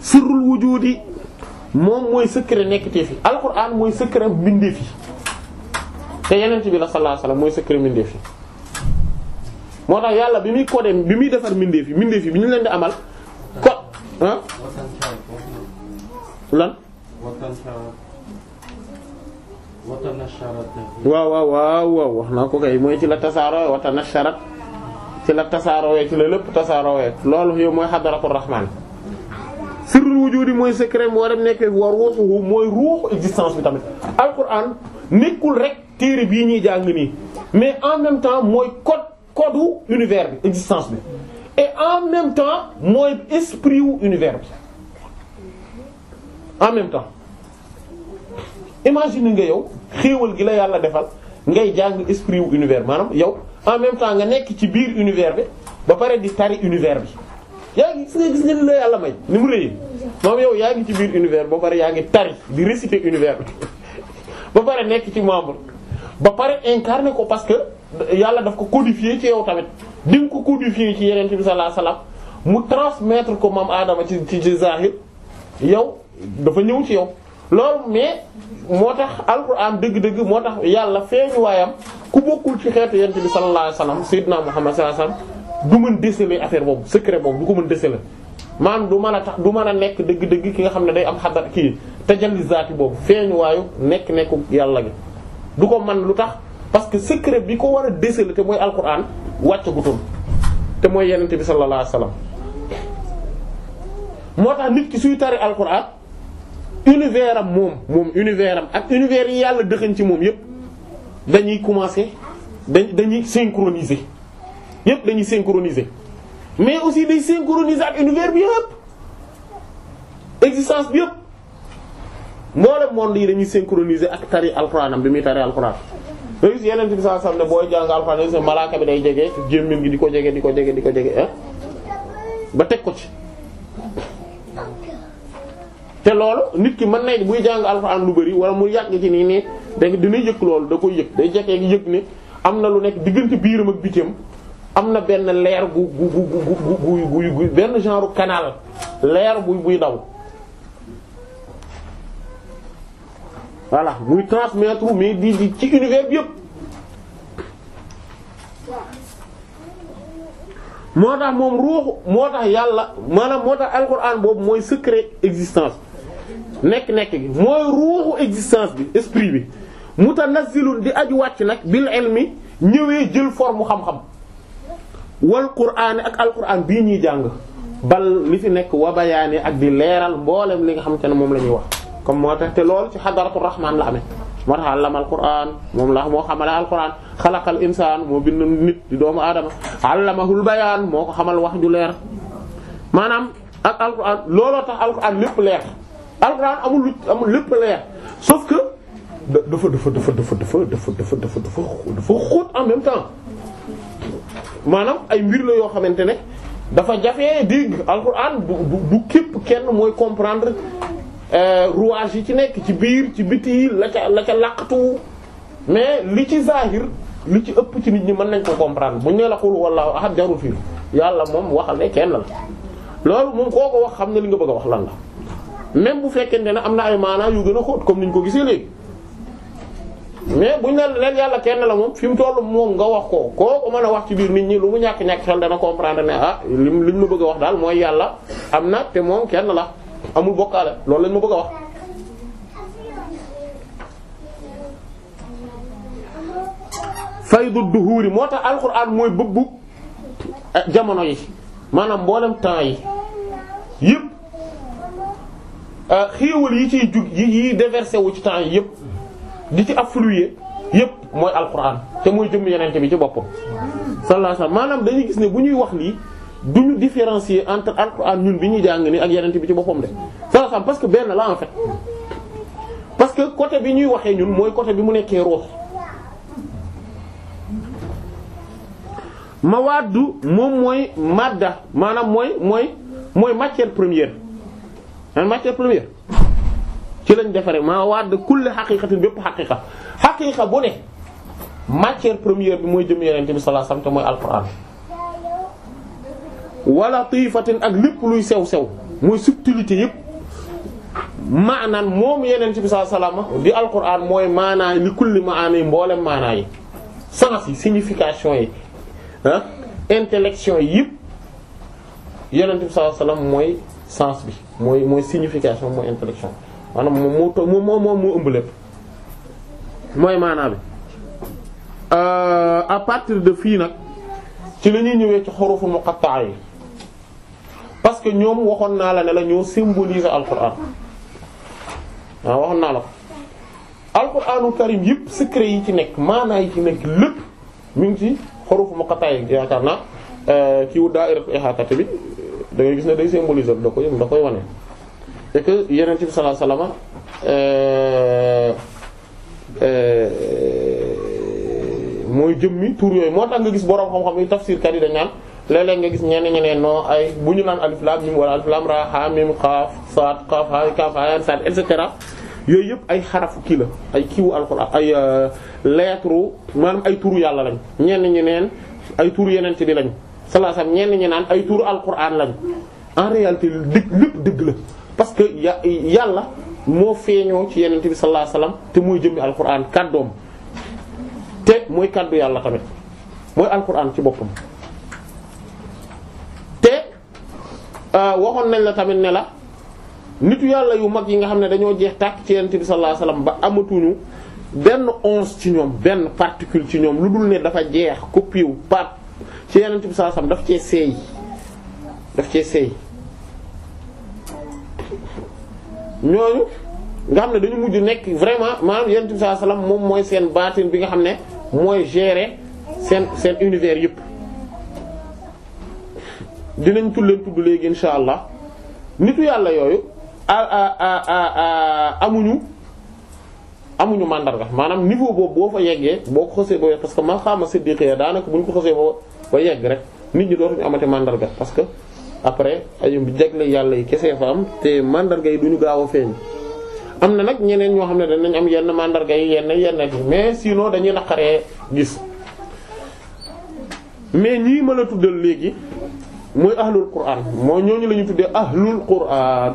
sirrul wujudi moom mooy secret nekk te fi alxuraan mooy secret mbindee fi te yenent bi la sallallahu alayhi mooy secret mindeef yi moo tax yàlla bi muy codé bi muy defar mindeef yi mindeef yi bi ñu leen di amal ko ah lan waaw waaw waaw waaw wax naa ko kay mooy ci la tasaaroo watanasharat ci la tasaaroowee ci la lépp tasaaroowee loolu yow mooy xadaratul rahmaan sirrul wujudi mooy secret moo dem nekkee war ruuxu mooy ruuxu existence bi tamit alquran nekkul rek téere bii ñuy jàng nii mais en même temps mooy code code wu bi existence bi et en même temps mooy esprit wu univers en même temps imagine nga yow xéewal gi la yàlla defal ngay jàng esprit wu univers bi maanaam yow en même temps nga nekk ci biir univers bi ba pare di tari univers bi yaa ngi gis nga gis ni la yàlla may ni mu rëy moom yow yaa ngi ci biir univers ba pare yaa ngi tari di réciter univers bi *laughs* ba pare nekk ci membre ba pare incarné ko parce que yàlla daf ko codifié ci yow tamit di ko codifié ci yeneen bi sallallahu alayhi wasallam mu transmettre ko maam aadama ci ci ci zahir yow dafa ñëw ci yow loolu mais moo tax alquran dëgg-dëgg moo tax yàlla feeñu waayam ku bokkul ci xeet yent bi sallallahu alayhi wasallam sayyidina Muhammad sallallahu alayhi wasallam du mën déceler affaire boobu secret boobu du ko mën déceler maanaam du mën a tax du mën a nekk dëgg-dëgg ki nga xam ne day am xadar kii tajalli zaati boobu feeñu waayu nekk nekku yàlla du ko man lu tax parce que secret bi ko war a déceler te mooy alquran wàccagutoon te mooy yenente bi sallallahu alayhi wasallam moo tax nit ki suy tari alquran univers am moom moom univers am ak univers yi yàlla dëxañ ci moom yëpp dañuy commencer dañ dañuy synchroniser yëpp dañuy synchroniser mais aussi day synchroniser ak univers bi yépp existence bi yépp mboolem monde yi dañuy synchroniser ak tari alxuraanam bi muy tari alxuraan nga gis yeneen bi booy jàng alxuraan malaaka bi day jege gémmiñ gi di ko jege di ko jege di ko jege ah ba teg ko ci. te loolu nit ki mën nañ buy jàng alxuraan lu bari wala mu yàgg ci nii nii dégg dina yëg loolu da koy yëg day jege yëg ne am na lu nekk diggante biiram ak bitim am na benn leer gu gu gu gu benn genre canal leer buy buy daw. voilà muy transmettre mais di di ci univers bi yëpp moo tax moom ruuxu moo tax yàlla maanaam moo tax alxuraan boobu mooy secret existence nekk nekk gi mooy ruuxu existence bi esprit bi mutanazzilun di aju wàcc nag bil ilmi ñëwee jël forme xam-xam wal qur'aan ak alxuraan bii ñuy jàng bal li fi nekk wabayaane ak di leeral mboolem li nga xamante ne moom la ñuy wax comme moo tax te loolu ci xadaratu rahmaan la amee moo tax allamal qur'aan moom la moo xamale alqur'aan xalaqal insaan moo bind nit di doomu aadama allamahul bayaan moo ko xamal wax ju leer maanaam ak alqur'aan looloo tax alqur'aan lépp leer alqur'aan amul lu amul leer sauf que dafa dafa dafa dafa dafa dafa dafa en même temps maanaam ay mbir la yoo xamante ne dafa jafee dégg alqur'aan du du képp kenn mooy comprendre Euh, rouages yi ci nekk ci biir ci biti la ca la mais li ci zahir li ci ëpp ci nit ñi mën nañ ko comprendre buñ ne la xul wallaahu ahad jarul fii yàlla moom waxal ne kenn la loolu moom koo ko wax xam ne li nga bëgg a wax lan la même bu fekkente ne am na ay maanaa yu gën a xóot comme niñ ko gisee léegi mais buñ ne leen yàlla kenn la moom fi mu toll moom nga wax ko koo mën a wax ci biir nit ñi lu mu ñàkk ñàkk xel dana comprendre ne ah liñ ma bëgg a wax daal mooy yàlla am na te moom kenn la amul bokkaale loolu lañ ma bëgg a wax faydu duhuri moo tax alxuraan mooy bëbbu eh, jamono yi maanaam mboolem temps yi yépp eh, xéewal yi ciy jug yi déversé wu ci temps yi yépp di ci affluer yëpp mooy alxuraan te mooy jëm yenente bi ci boppam sallallahu alayhi wasallam maanaam dañuy gis ne bu ñuy wax nii du ñu différencier entre alxuraan ñun bi ñuy jàng ni ak yeneen bi ci boppam de. ça parce que benn la en que côté bi ñuy waxee ñun mooy côté bi mu nekkee ruux. mawaddu moom mooy madda maanaam mooy mooy mooy matière première man matière lañ defaree mawaddu kulli xaqiiqatin bépp xaqiiqa xaqiiqa bu ne matière première bi mooy jëm yeneen bi sallallahu alayhi mooy alxuraan. wala tiifatin ak lépp luy sew sew mooy subtilité yëpp maanaan moom yeneen bi saa salaama di alquran mooy maanaa li kulli maana yi mboolem maanaa yi sens yi signification yi ah intellection yi yëpp yeneen bi saa salaam mooy sens bi mooy mooy signification mooy intellection maanaam moom moo too moom moo moo ëmb lépp mooy maanaa bi euh, à partir de fii nag ci la ñuy ñëwee ci xurufu muqatta'a yi. parce que ñoom waxoon naa la ne la ñoo symboliser alquran waaw waxoon naa la ko alquranul karim yëpp secret yi ci nekk maanaa yi ci nekk lépp mi ngi ci xarufu muqatta'i yaakaar naa euh, kiiwu daa'iratu ihaakat bi da gis ne day symboliser da koy da koy wane et que yeneen ci sallallahu alayhi wasallam euh, euh, mooy jëmmi tur yooyu moo tax nga gis borom xam-xam yi tafsir kat yi dañ naan léeg-léeg nga gis ñenn ñu ne non ay bu ñu naan alif lam mim wala alif lam ra ha mim xaaf saad xaaf ha kaaf ha saad et cetera yooyu yëpp ay xarafu kii la ay kiiwu alxuraan ay euh, lettre maanaam ay turu yàlla lañ ñenn ñu neen ay turu yeneen ci bi lañ sallallahu alayhi wasallam ñenn ñu naan ay turu alxuraan lañ en réalité dëgg lépp dëgg la parce que ya yàlla moo feeñoo ci yeneen bi sallallahu alayhi wasallam te muy jëmmi alxuraan kàddoom te mooy kàddu yàlla tamit mooy alxuraan ci boppam. Euh, waxoon nañ la tamit ne la nitu yàlla yu mag yi nga xam ne dañoo jeex tàkk ci yonent bi sallallahu alayhi ba amatuñu benn once ci ñoom benn particule ci ñoom lu dul ne dafa jeex copie wu part ci yonent bi sallallahu alayhi wasallam daf cee seey daf cee seey ñooñu nga xam ne dañu mujj nekk vraiment maanaam yonent bi sallallahu moom mooy seen baatin bi nga xam ne mooy gérer seen seen univers yëpp. dinañ tulleen tudd léegi insha allah nitu yàlla yooyu amuñu amuñu màndarga maanaam niveau boobu boo fa yeggee boo ko xosee ba yegg parce que ma xaama siddiq ya daanaka buñ ko xosee ba ba yegg rek nit ñi dootuñu amati màndarga parce que après ay jagle yàlla yi kese fa am te màndarga yi duñu gaaw a feeñ am na nag ñeneen ñoo xam ne danañ am yenn màndarga yi yenn yenn yi mais sinon dañuy naqaree gis mais ñii ma la tuddal léegi mooy ahlul qur'an mooy ñooñu la ñu tuddee ahlul qur'an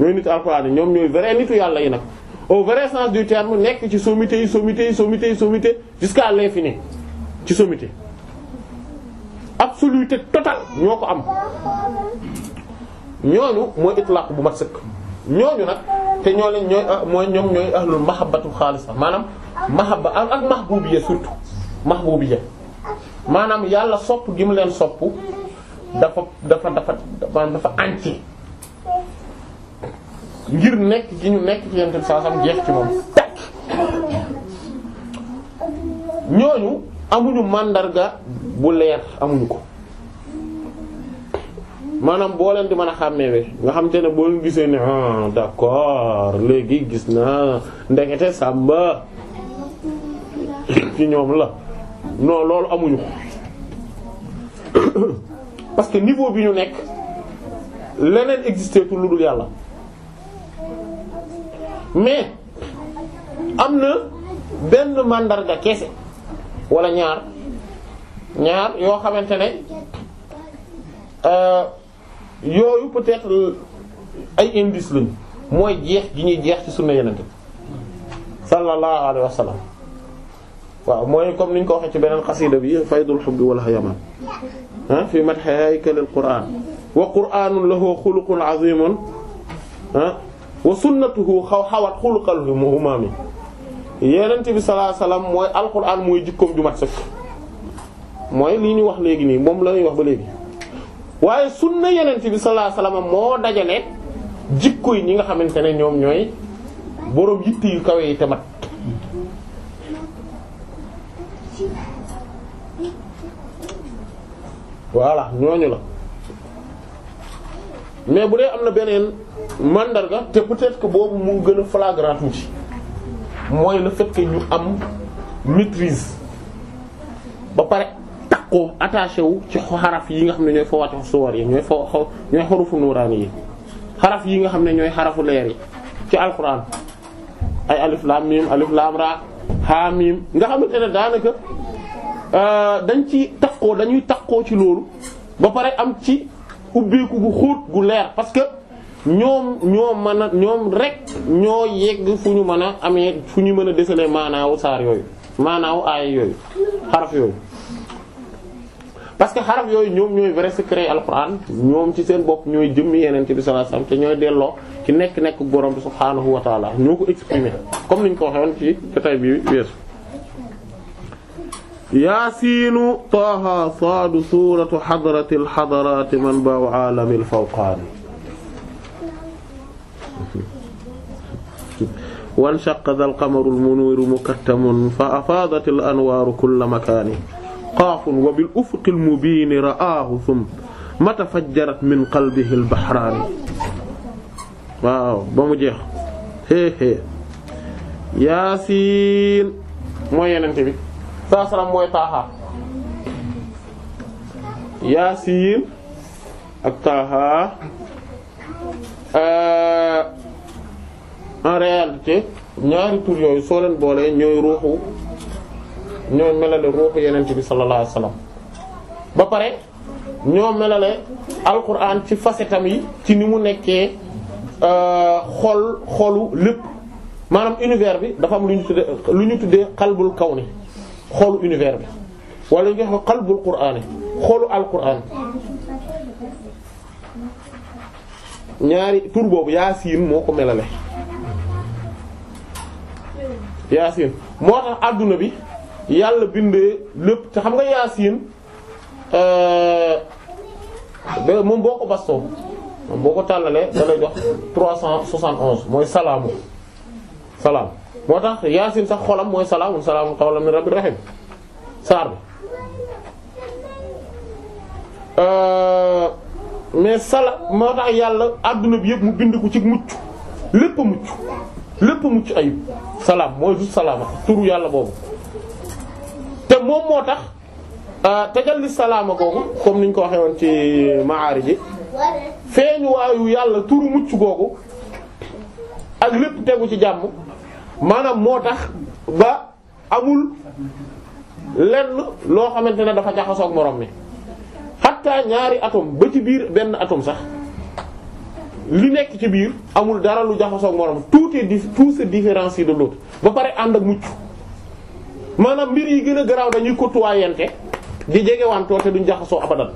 ñooy nit alquran ñoom ñooy vrai nitu yàlla yi nag au vrai sens du terme nekk ci sommité yi sommité yi sommité yi sommité jusqu'à l'infini ci sommité absoluté totale ñoo ko am ñooñu mooy itlaq bu mat sëkk ñooñu nag te ñoo leen ñooy ah, mooy ñoom ñooy ahlul mahabbatu xaalisa maanaam mahabba ak mahbubiyya surtout mahbubiyya maanaam yàlla sopp gi mu leen sopp dafa dafa dafa maanaam dafa anci ngir nekk gi ñu nekk ci yonent bi sallallahu jeex ci moom takk ñooñu amuñu màndarga bu leer amuñu ko maanaam boo leen di mën a xàmmee nga xam te ne boo gisee ne ah léegi gis naa ndekete sàmba ci ñoom la non loolu amuñu *coughs* parce que niveau bi ñu nekk leneen existé pour lu dul yàlla mais am na benn màndarga keese wala ñaar ñaar yoo xamante ne euh, yooyu peut-être ay indice lañu mooy jeex gi ñuy jeex ci sunna yenente sallallahu alayhi wa sallam waaw mooy comme ni ñu ko waxee ci beneen xasida bi faydul hubbi wal hayaman ah fi madhi haykalil qur'an wa qur'anun lahu xuluqun azimun ah wa sunnatuhu xaw xawat xuluqal humami yenent bi sallallahu alayhi wasallam mooy alquran mooy jikkoom ju mat sëkk mooy lii ñu wax léegi nii moom la ñuy wax ba léegi waaye sunna yenent bi sallallahu alayhi moo dajale jikko yi ñi nga xamante ne ñoom ñooy boroom yitt yu kawe yi te mat voilà ñooñu la mais bu dee am na beneen màndarga te peut ko boobu mu gën a flagrant tuuti mooy le fait ñu am maîtrise ba pare takkoo attaché wu ci xaraf yi nga xam ne ñooy fa wàcc suwar yi ñooy fa ñooy xarufu nuuraani yi xaraf yi nga xam ne ñooy xarafu leer yi ci alquran ay alif lam mim alif lam ra ha mim nga xamante ne daanaka Euh, dañ ci takkoo dañuy takkoo ci loolu ba pare am ci ubbeeku gu xóot gu leer parce que ñoom ñoo mën a ñoom rek ñoo yegg fu ñu mën a amee fu ñu mën a déceler maanaawu saar yooyu maanaawu aay yooyu xaraf yooyu parce que xaraf yooyu ñoom ñooy vrai secret alquran ñoom ci seen bopp ñooy jëmmi yeneen ci bi sallallahu alayhi wasallam ñooy delloo ci nekk nekk borom bi subhaanahu wa taala ñoo ko exprimer comme ñu ko waxee woon ci jotaay bi weesu yaasiinu taaha saadu suuratu xadrati alxadaraati man baaw aalami alfawqaani wanshaqa dal qamaru almuniiru mukattamun fa afaadat alanwaaru kulla makaani qaafun wa bil ufuqi almubiini ra'aahu summa matafajjarat min qalbihi albahraani waaw ba mu jeex hee hee yaasiin mooy yenente bi saa salaam mooy taaxaa yaasiin ak taaxaa euh, en réalité ñaari tur yooyu soo leen boolee ñooy ruuxu ñoo melale ruuxu yenent bi sallallahu alayhi wasallam ba pare ñoo melale alquran ci facetam yi ci ni mu nekkee euh, xol xolu lépp maanaam univers bi dafa am lu ñu tuddee lu ñu tuddee xalbul kaw ni xoolu univers bi wala ñu ko qalbul qur'aan xoolu alqur'aan ñaari tur boobu yaasiin moo ko melale yaasiin moo tax àdduna bi yàlla bindee lépp te xam nga yaasiin euh, ba moom boo ko bastoo moom boo ko tàllalee da lay jox 371 mooy salaamu salaam moo tax yaasin sax xolam mooy salaamu salaamun qawlan min rabbir rahim saar bi euh, mais sala moo tax yàlla àdduna bi yëpp mu bind ko ci mucc lépp mucc lépp mucc ayib salaam mooy juste salaama turu yàlla boobu te moom moo tax euh, tajalli salaama googu comme niñ ko waxee ci maari ji feeñu yàlla turu mucc googu ak lépp tegu ci jàmm maanaam moo tax ba amul lenn loo xamante ne dafa jaxasoo ak morom mi xatta ñaari atome ba ci biir benn atom sax li nekk ci biir amul dara lu jaxasoo ak morom tout est di tout se différencie de l'autre ba pare ànd ak mucc maanaam mbir yi gën a garaaw dañuy côtoyante di jegewantoo te duñ jaxasoo abadan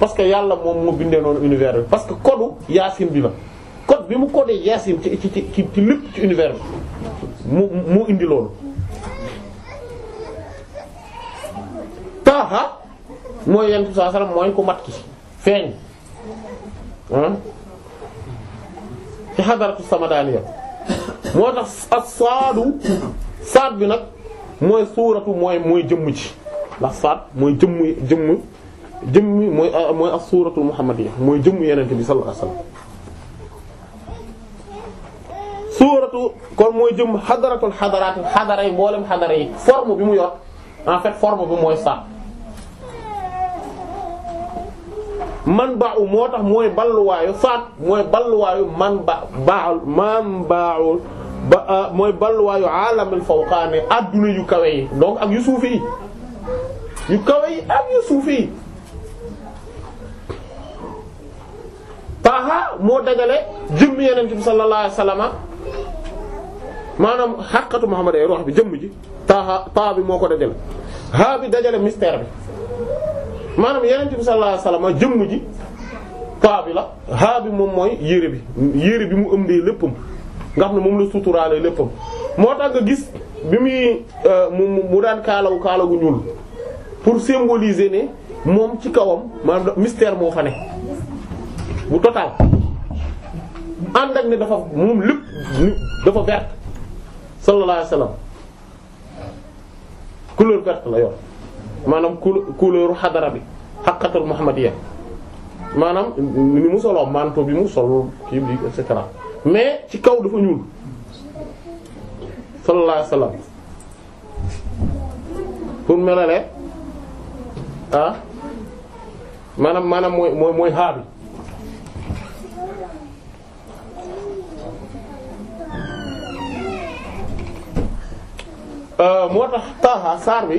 parce que yàlla moom moo bindee noonu univers bi parce que kodu yaasin bi la. code bi mu codé yees yi ci ci ci ci lépp ci univers bi mu mu indi loolu taaxa mooy yenn saa salaam mooy ku mat ki feeñ ci xadaratu samadaaniya moo tax as saadu saad bi nag mooy suuratu mooy mooy jëmm ci ndax saad mooy jëmm jëm jëmm mooy mooy as suuratul muhammadiyya mooy jëmm yeneen bi sallallahu alayhi wasallam suuratu kon mooy jëm xadaratul xadaraat xadara yi mboolem xadara yi forme bi mu yor en fait forme bi mooy sax man baaxul moo tax mooy balluwaayu faat mooy balluwaayu man ba baaxul man ba mooy balluwaayu aalamil fawqaane adduna yu kawe yi donc ak yu suufi yi yu kawe yi ak yu suufi yi paaxa moo dajale jëmm yeneen bi sallallahu maanaam xàqatu Muhammad ay ruux bi jëmm ji taaxa taa bi moo ko dajale haa bi dajale mystère bi maanaam yeneen bi sallallahu alayhi jëmm ji taa bi la haa bi moom mooy yére bi yére bi mu ëmbee léppam nga xam ne moom la suturaale léppam moo tax gis bi muy euh, mu mu daan kaalawu kaalawu ñuul pour symboliser ne moom ci kawam maanaam mystère moo fa ne bu total ànd ak ne dafa moom lépp dafa vert sallallahu alayhi wasallam couleur verte la yor maanaam couleur xadara bi xaqatul muhammadiyya maanaam ni mu soloo manteau bi mu sol kii bi et mais ci kaw dafa ñuul sallallahu alayhi wasallam pour melale ah maanaam maanaam mooy mooy mooy xaabi Euh, moo tax Taaha saar bi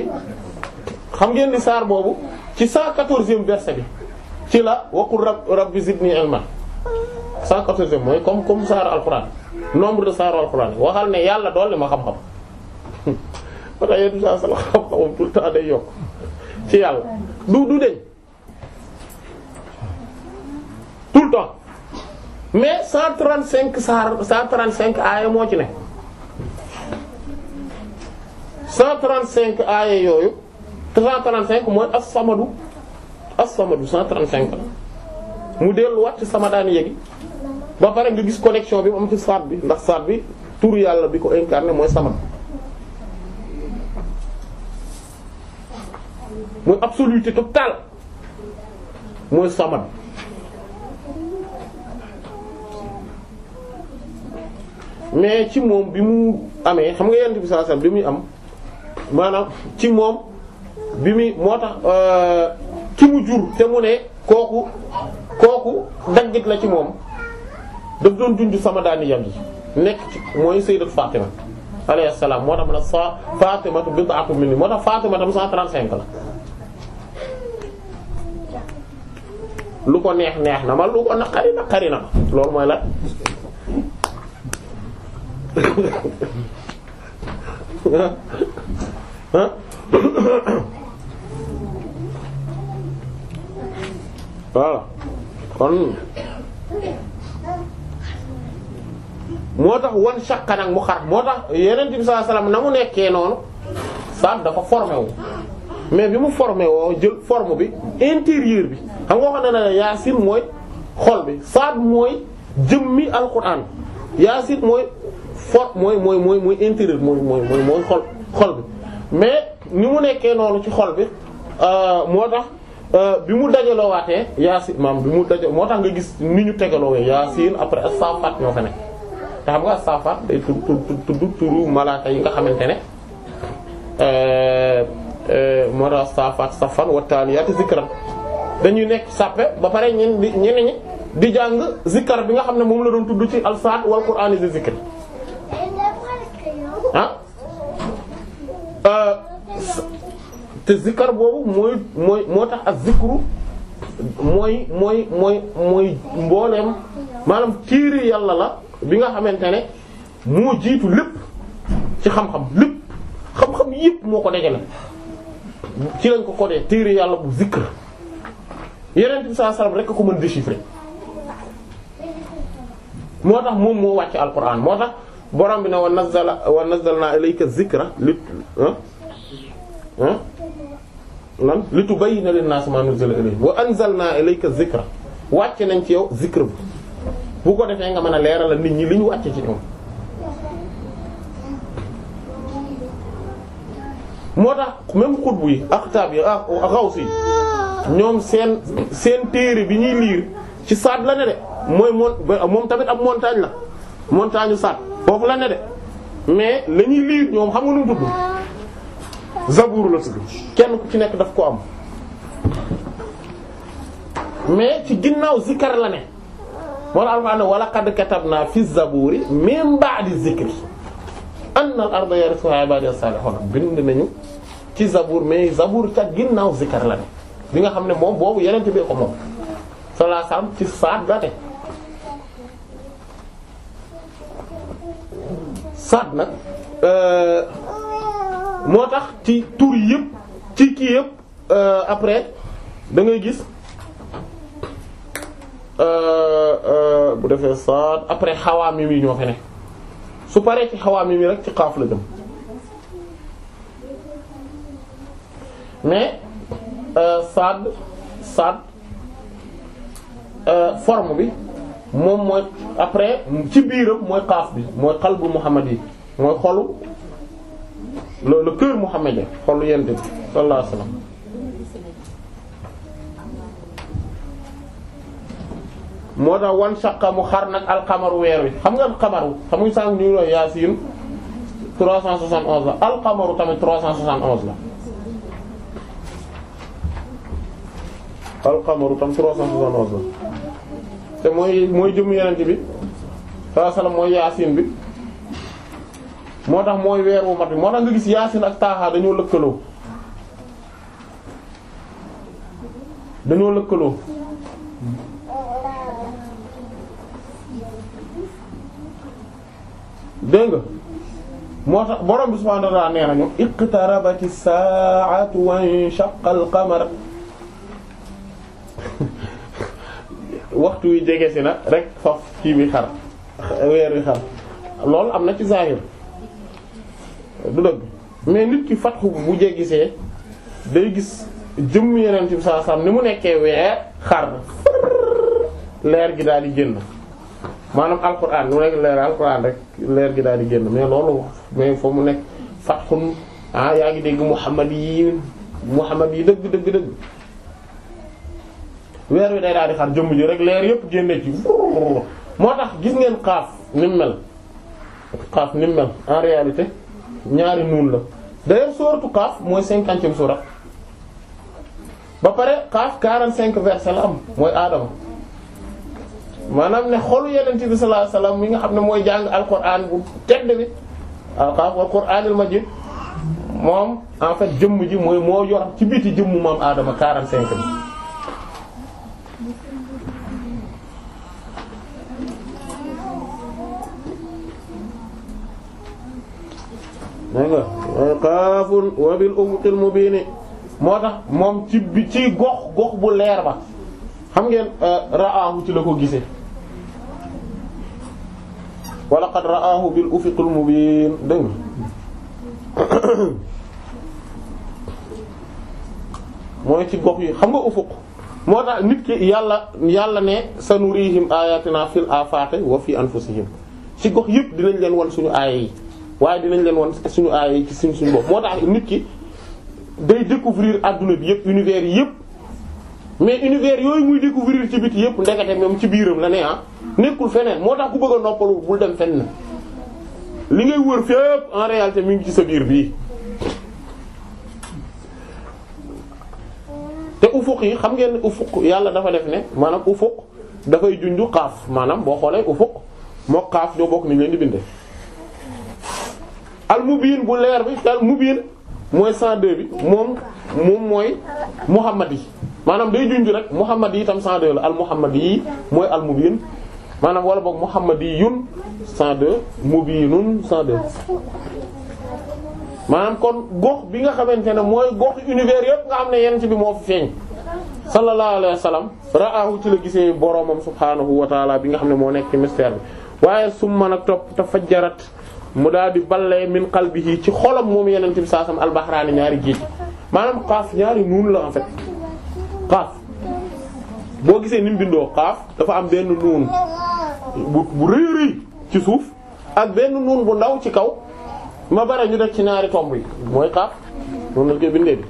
xam ngeen ni saar boobu ci cent e verset bi ci la waqul rab rabbi zidni ilma 114e mooy comme comme saar alxuraan nombre de saar alxuraan waxal ne yàlla dolli ma xam-xam *laughs* ba tax yéen saa sala xam-xamam tout temps day yokk ci yàlla du du deñ tout temps mais 135 saar 135 aaya moo ci ne. 135 aaya yooyu trent 135 mooy as-samadu as-samadu 135 mu delluwaat ci samadaani yegi ba pare nga gis connexion bi mu am ci saat bi ndax saat bi tur yàlla bi ko incarné mooy samad mooy absoluté totale mooy samad mais ci moom bi mu amee xam nga yent bi sallallahu alayhi bi muy am maanaam ci moom bi muy moo tax euh, ki mu jur te mu ne kooku kooku daggit la ci moom daf doon junj sama daani yam yi nekk ci mooy sayyidat Fatima alayhi salaam moo tax ma ne sa Fatima bid'atu minni moo tax Fatima tam 135 la. lu ko neex neex na ma lu ko naqari naqari na ma loolu mooy la *laughs* voilà kon moo tax wan shakka nag mu xar moo tax yeneen bi sallallahu alayhi na mu nekkee noonu saab dafa formé wu mais bi mu formé woo jël forme bi intérieur bi xam nga xam ne na yaasin mooy xol bi saab mooy jëmmi alquran yaasin mooy for mooy mooy mooy mooy intérieur mooy mooy mooy mooy xol xol bi mais ni mu nekkee noonu ci xol bi euh, moo tax euh, bi mu dajaloo waatee yaasin maam bi mu daja moo tax nga gis ni ñu tegaloowee yaasin après as-safaat ñoo fa nekk te nga as-safaat day yi nga xamante ne euh, moo tax as-safaat safan wa taaliyaati zikran dañuy nekk sàppe ba pare ñen di ñeneen ñi di jàng zikar bi nga xam ne moom la doon tudd ci al-saad wal qur'aan di Euh, te zikkar boobu mooy mooy moo tax ak zikru mooy mooy mooy mooy mbooleem maanaam tiiri yàlla la bi nga xamante ne moo jiitu lépp ci xam-xam lépp xam-xam yépp moo ko dajale ci lañ ko codé téere yàlla bu zikr yeneen bi saa salaam rek ko mën déchiffrer moo tax moom moo wàcc alquran moo tax borom bi ne wa nazzala wa nazzalna ilayka zikra li lan li tubayyina leen naasi maa nuzzila ilayhim wa anzalna ilayka zikra wàcc nañ ci yow zikra bi bu ko defee nga mën a leeralal nit ñi li ñu wàcc ci ñoom. moo tax même xutb yi axtaab yi ak xaws yi ñoom seen seen téere bi ñuy liir ci saat la ne de mooy moom tamit ab montagne la. montagne saat foofu la ne de mais la ñuy ñoom xam nga nu mu tudd la tudd kenn ku ci nekk daf ko am mais ci ginnaaw zikkar la ne moo la alxuraan wala qad katabna fi zabuuri min ba'di zikri anna al-arda yarithuha ibadi as-salihun bind nañu ci zabuur mais zabuur ca ginnaaw zikkar la ne bi nga xam ne moom boobu yeneen bi ko moom salaasaam ci saat la Saad nag euh, moo tax ci tur yëpp ci kii yëpp euh, après da ngay gis euh, bu defee Saad après xawaami mi ñoo fa ne su paree ci xawaami mi rek ci xaaf la dem mais Saad Saad forme bi. moom mooy après ci biiram mooy xaaf bi mooy xalbu muhammad yi mooy xolu le le cœur muhammadien xolu yent bi sallallahu alayhi wasallam moo tax wan shaqqa mu xar nag alxamaru weer wi xam nga xamaru xam nga sànq ñu ngi Yaasin 371 la alxamaru tamit 371 la. alxamaru tam 371 la. te mooy mooy jëmu yenente bi sallallahu alayhi wasallam mooy yaasin bi moo tax mooy weer wu mat bi moo tax nga gis yaasin ak taaxaa dañoo lëkkaloo dañoo lëkkaloo dégg nga moo tax borom bi subhaanahu wa ta'aala nee nañu iqtarabati saa'atu wa inshaqqa al-qamar waxtu wi jegesi na rek faf kii bi xar weer wi xar loolu am na ci zahir du dëgg mais nit ki fatxu bu jegisee day gis jëmm yeneen bi saa sam ni mu nekkee weer xar leer gi daal di génn maanaam alquran mu nekk leer alquran rek leer gi daal di génn mais loolu mais foo mu nekk fatxun ah yaa ngi dégg muhammad yi muhammad yi dëgg dëgg dëgg weer wi day daal di xar jëmm ji rek leer yëpp génne ci moo tax gis ngeen xaaf ni mu mel xaaf ni en réalité ñaari nuun la d'ailleurs sooratu xaaf mooy cinquantième sourate ba pare xaaf 45 versets la am mooy aadama maanaam ne xolu yenente bi sallallahu alayhi mi nga xam ne mooy jàng alquran bu tedd bi alxaaf wal qur'anil majid moom en fait jëmm ji mooy moo yor ci biti jëmm moom aadama 45 bi dégg nga qaafun wa bil ufuqil mubiin moo tax moom ci bi ci gox gox bu leer ba xam ngeen euh, ra'aahu ci la ko gisee wa laqad ra'aahu bil ufuqil mubiin dégg nga *coughs* mooy ci gox yi xam nga ufuq moo tax nit ki yàlla yàlla ne sanurihim ayatina fil afaqi wa fi anfusihim ci gox yëpp dinañ leen wan suñu aaya yi waaye dinañ leen won suñu aaya yi suñu boobu moo tax nit ki day découvrir adduna bi yëpp univers yi yëpp mais univers yooyu muy découvrir ci biti yëpp ndekete moom ci biiram la ne ah nekkul feneen moo tax ku bëgg a noppalu bul dem fenn li ngay wër fépp en réalité mi ngi ci sa biir bii te ufuq yi xam ngeen ne ufuq yàlla dafa def ne maanaam ufuq dafay junju xaaf maanaam boo xoolee ufuq moo xaaf ñoo bokk ni leen di bindee al mubiin bu leer bi al mubiin mooy 102 bi moom moom mooy muhammad yi maanaam day junj rek muhammad yi itam 102 la al muhammad yi mooy al mubiin maanaam wala boog muhammad yi yun 102 mubiinun 102 maanaam kon gox bi nga xamante ne mooy gox univers yëpp nga xam ne yenn ci bi moo fi feeñ sallallahu alayhi wa sallam raahu ci la gisee boromam subhaanahu wa taala bi nga xam ne moo nekk ci bi waaye summa nag topp te fajjarat mu daal di ballee min qalbihi ci xolam moom yeneen bi saa sam albahraani ñaari géej maanaam xaaf ñaari nuun la en fait xaaf boo gisee ni bindoo xaaf dafa am benn nuun bu rëy rëy ci suuf ak benn nuun bu ndaw ci kaw ma bare ñu def ci ñaari tomb yi mooy xaaf noonu la koy bindee bi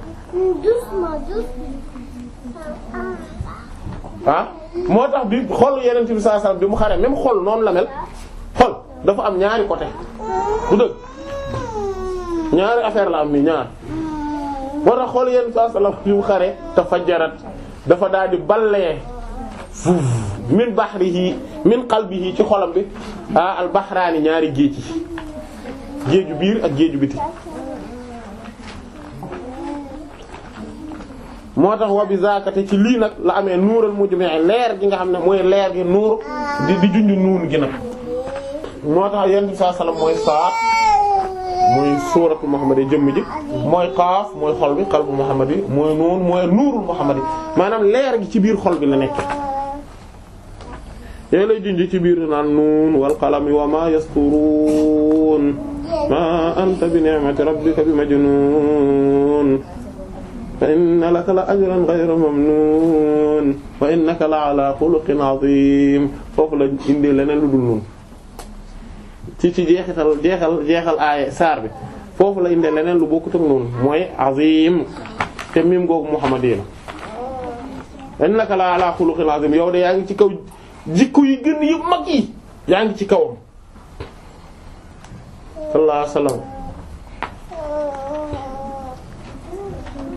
ah moo tax bi xol yeneen bi saa sam bi mu xare même xol noonu la mel xol. dafa am ñaari côté du dëgg ñaari affaire la am ni ñaar moo tax xool yenn saa salaam yu mu xare te fajjarat dafa daal di ballee min bahrihi min qalbihi ci xolam bi ah al bahraani ñaari géej yi géeju biir ak géeju biti moo tax wa bi zaakate ci lii nag la amee nuural mujmi' leer gi nga xam ne mooy leer gi nuur di di nuun gi nag moo tax yenn saa salaam mooy saat muy suuratu Muhammad yi jëmm ji mooy xaaf mooy xol bi xalbu Muhammad yi mooy nuun mooy nuurul Muhammad i maanaam leer gi ci biir xol bi la nekk yooyu lay junj ci biir naan nuun wal qalami wa ma yasturuun ma anta bi ni'mati rabbika bi majnuun fa la ajran ghayra mamnuun wa la ala xuluqin azim foofu la indi leneen lu dul ci ci jeexital jeexal jeexal aaya saar bi foofu la inde leneen lu bokkut ak noonu mooy azim te mim googu muhammadin innaka la ala xuluqin azim yow de yaa ngi ci kaw jikko yi gën yu mag yi yaa ngi ci kawam sallallahu alayhi wasallam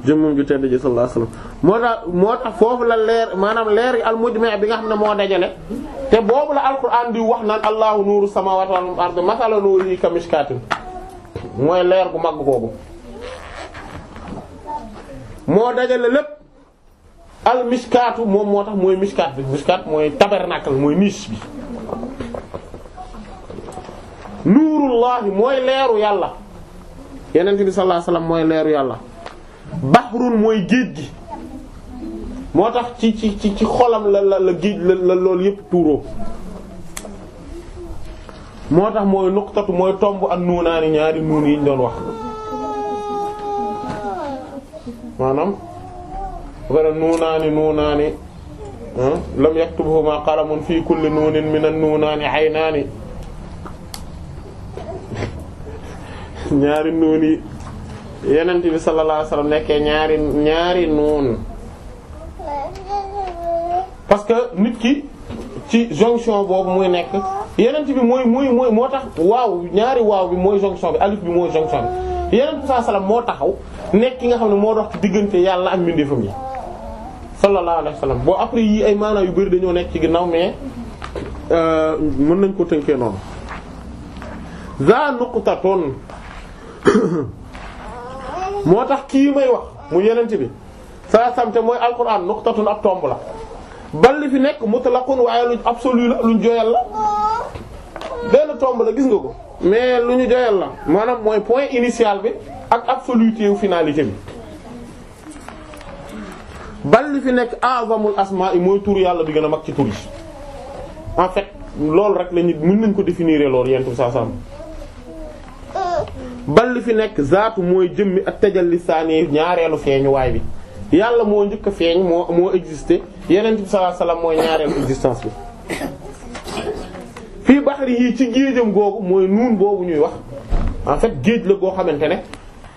jëmmum ju tedd ji sallallahu alayhi moo tax moo tax foofu la leer maanaam leer al mujmi' bi nga xam ne moo dajale te boobu la alquran di wax naan allahu nuuru samaawaati wal ardi masalan nuurihi kamishkaatin mooy leer bu mag googu moo dajale lépp al miskaatu moom moo tax mooy miskaat bi miskaat mooy tabernacle mooy niche bi nuurullahi mooy leeru yàlla yeneen bi sallallahu alayhi wasallam mooy leeru yàlla bahrun mooy géej gi moo tax ci ci ci ci xolam la la la géej la loolu yépp tuuroo moo tax mooy nuqtatu mooy tomb ak nuunaani ñaari nuun yi ñu doon wax maanaam wara nuunaani nuunaani lam yaktubuhuma qalamun fi kulli nuunin min an-nuunaani aynaani *laughs* ñaari nuun yi yenent bi sallallahu alayhi nekkee ñaari ñaari nuun parce que nit ki ci jonction boobu muy nekk yenent bi mooy mooy mooy moo tax waaw ñaari waaw bi mooy jonction bi alif bi mooy jonction bi yenent bi sallallahu alayhi moo taxaw nekk ki nga xam ne moo dox ci diggante yàlla ak mbindeefam yi sallallahu alayhi wasallam boo après yi ay maanaa yu bari dañoo nekk ci ginnaaw mais euh, mën nañ koo tënkee noonu za nuqtatun *coughs* moo tax kii may wax mu yenent bi sa samte mooy alquran nuqtatun ab tomb la bal li fi nekk mutlaqun waaye luñ absolu la luñ joyal la benn tomb la gis nga ko mais lu ñu joyal la maanaam mooy point initial bi ak absoluté wu finalité bi bal li fi nekk azamul asmaa yi mooy tur yàlla bi gën a mag ci tur yi en fait loolu rek lañu mën nañ ko définir loolu yentu saa sam bal li fi nekk zaatu mooy jëmmi ak tajal lisaani ñaareelu feeñu waay bi yàlla moo njëkk a feeñ moo moo existé yeneen bi sallallahu mooy ñaareelu existence bi fii baxari yi ci géejam googu mooy nuun boobu ñuy wax en fait géej la goo xamante ne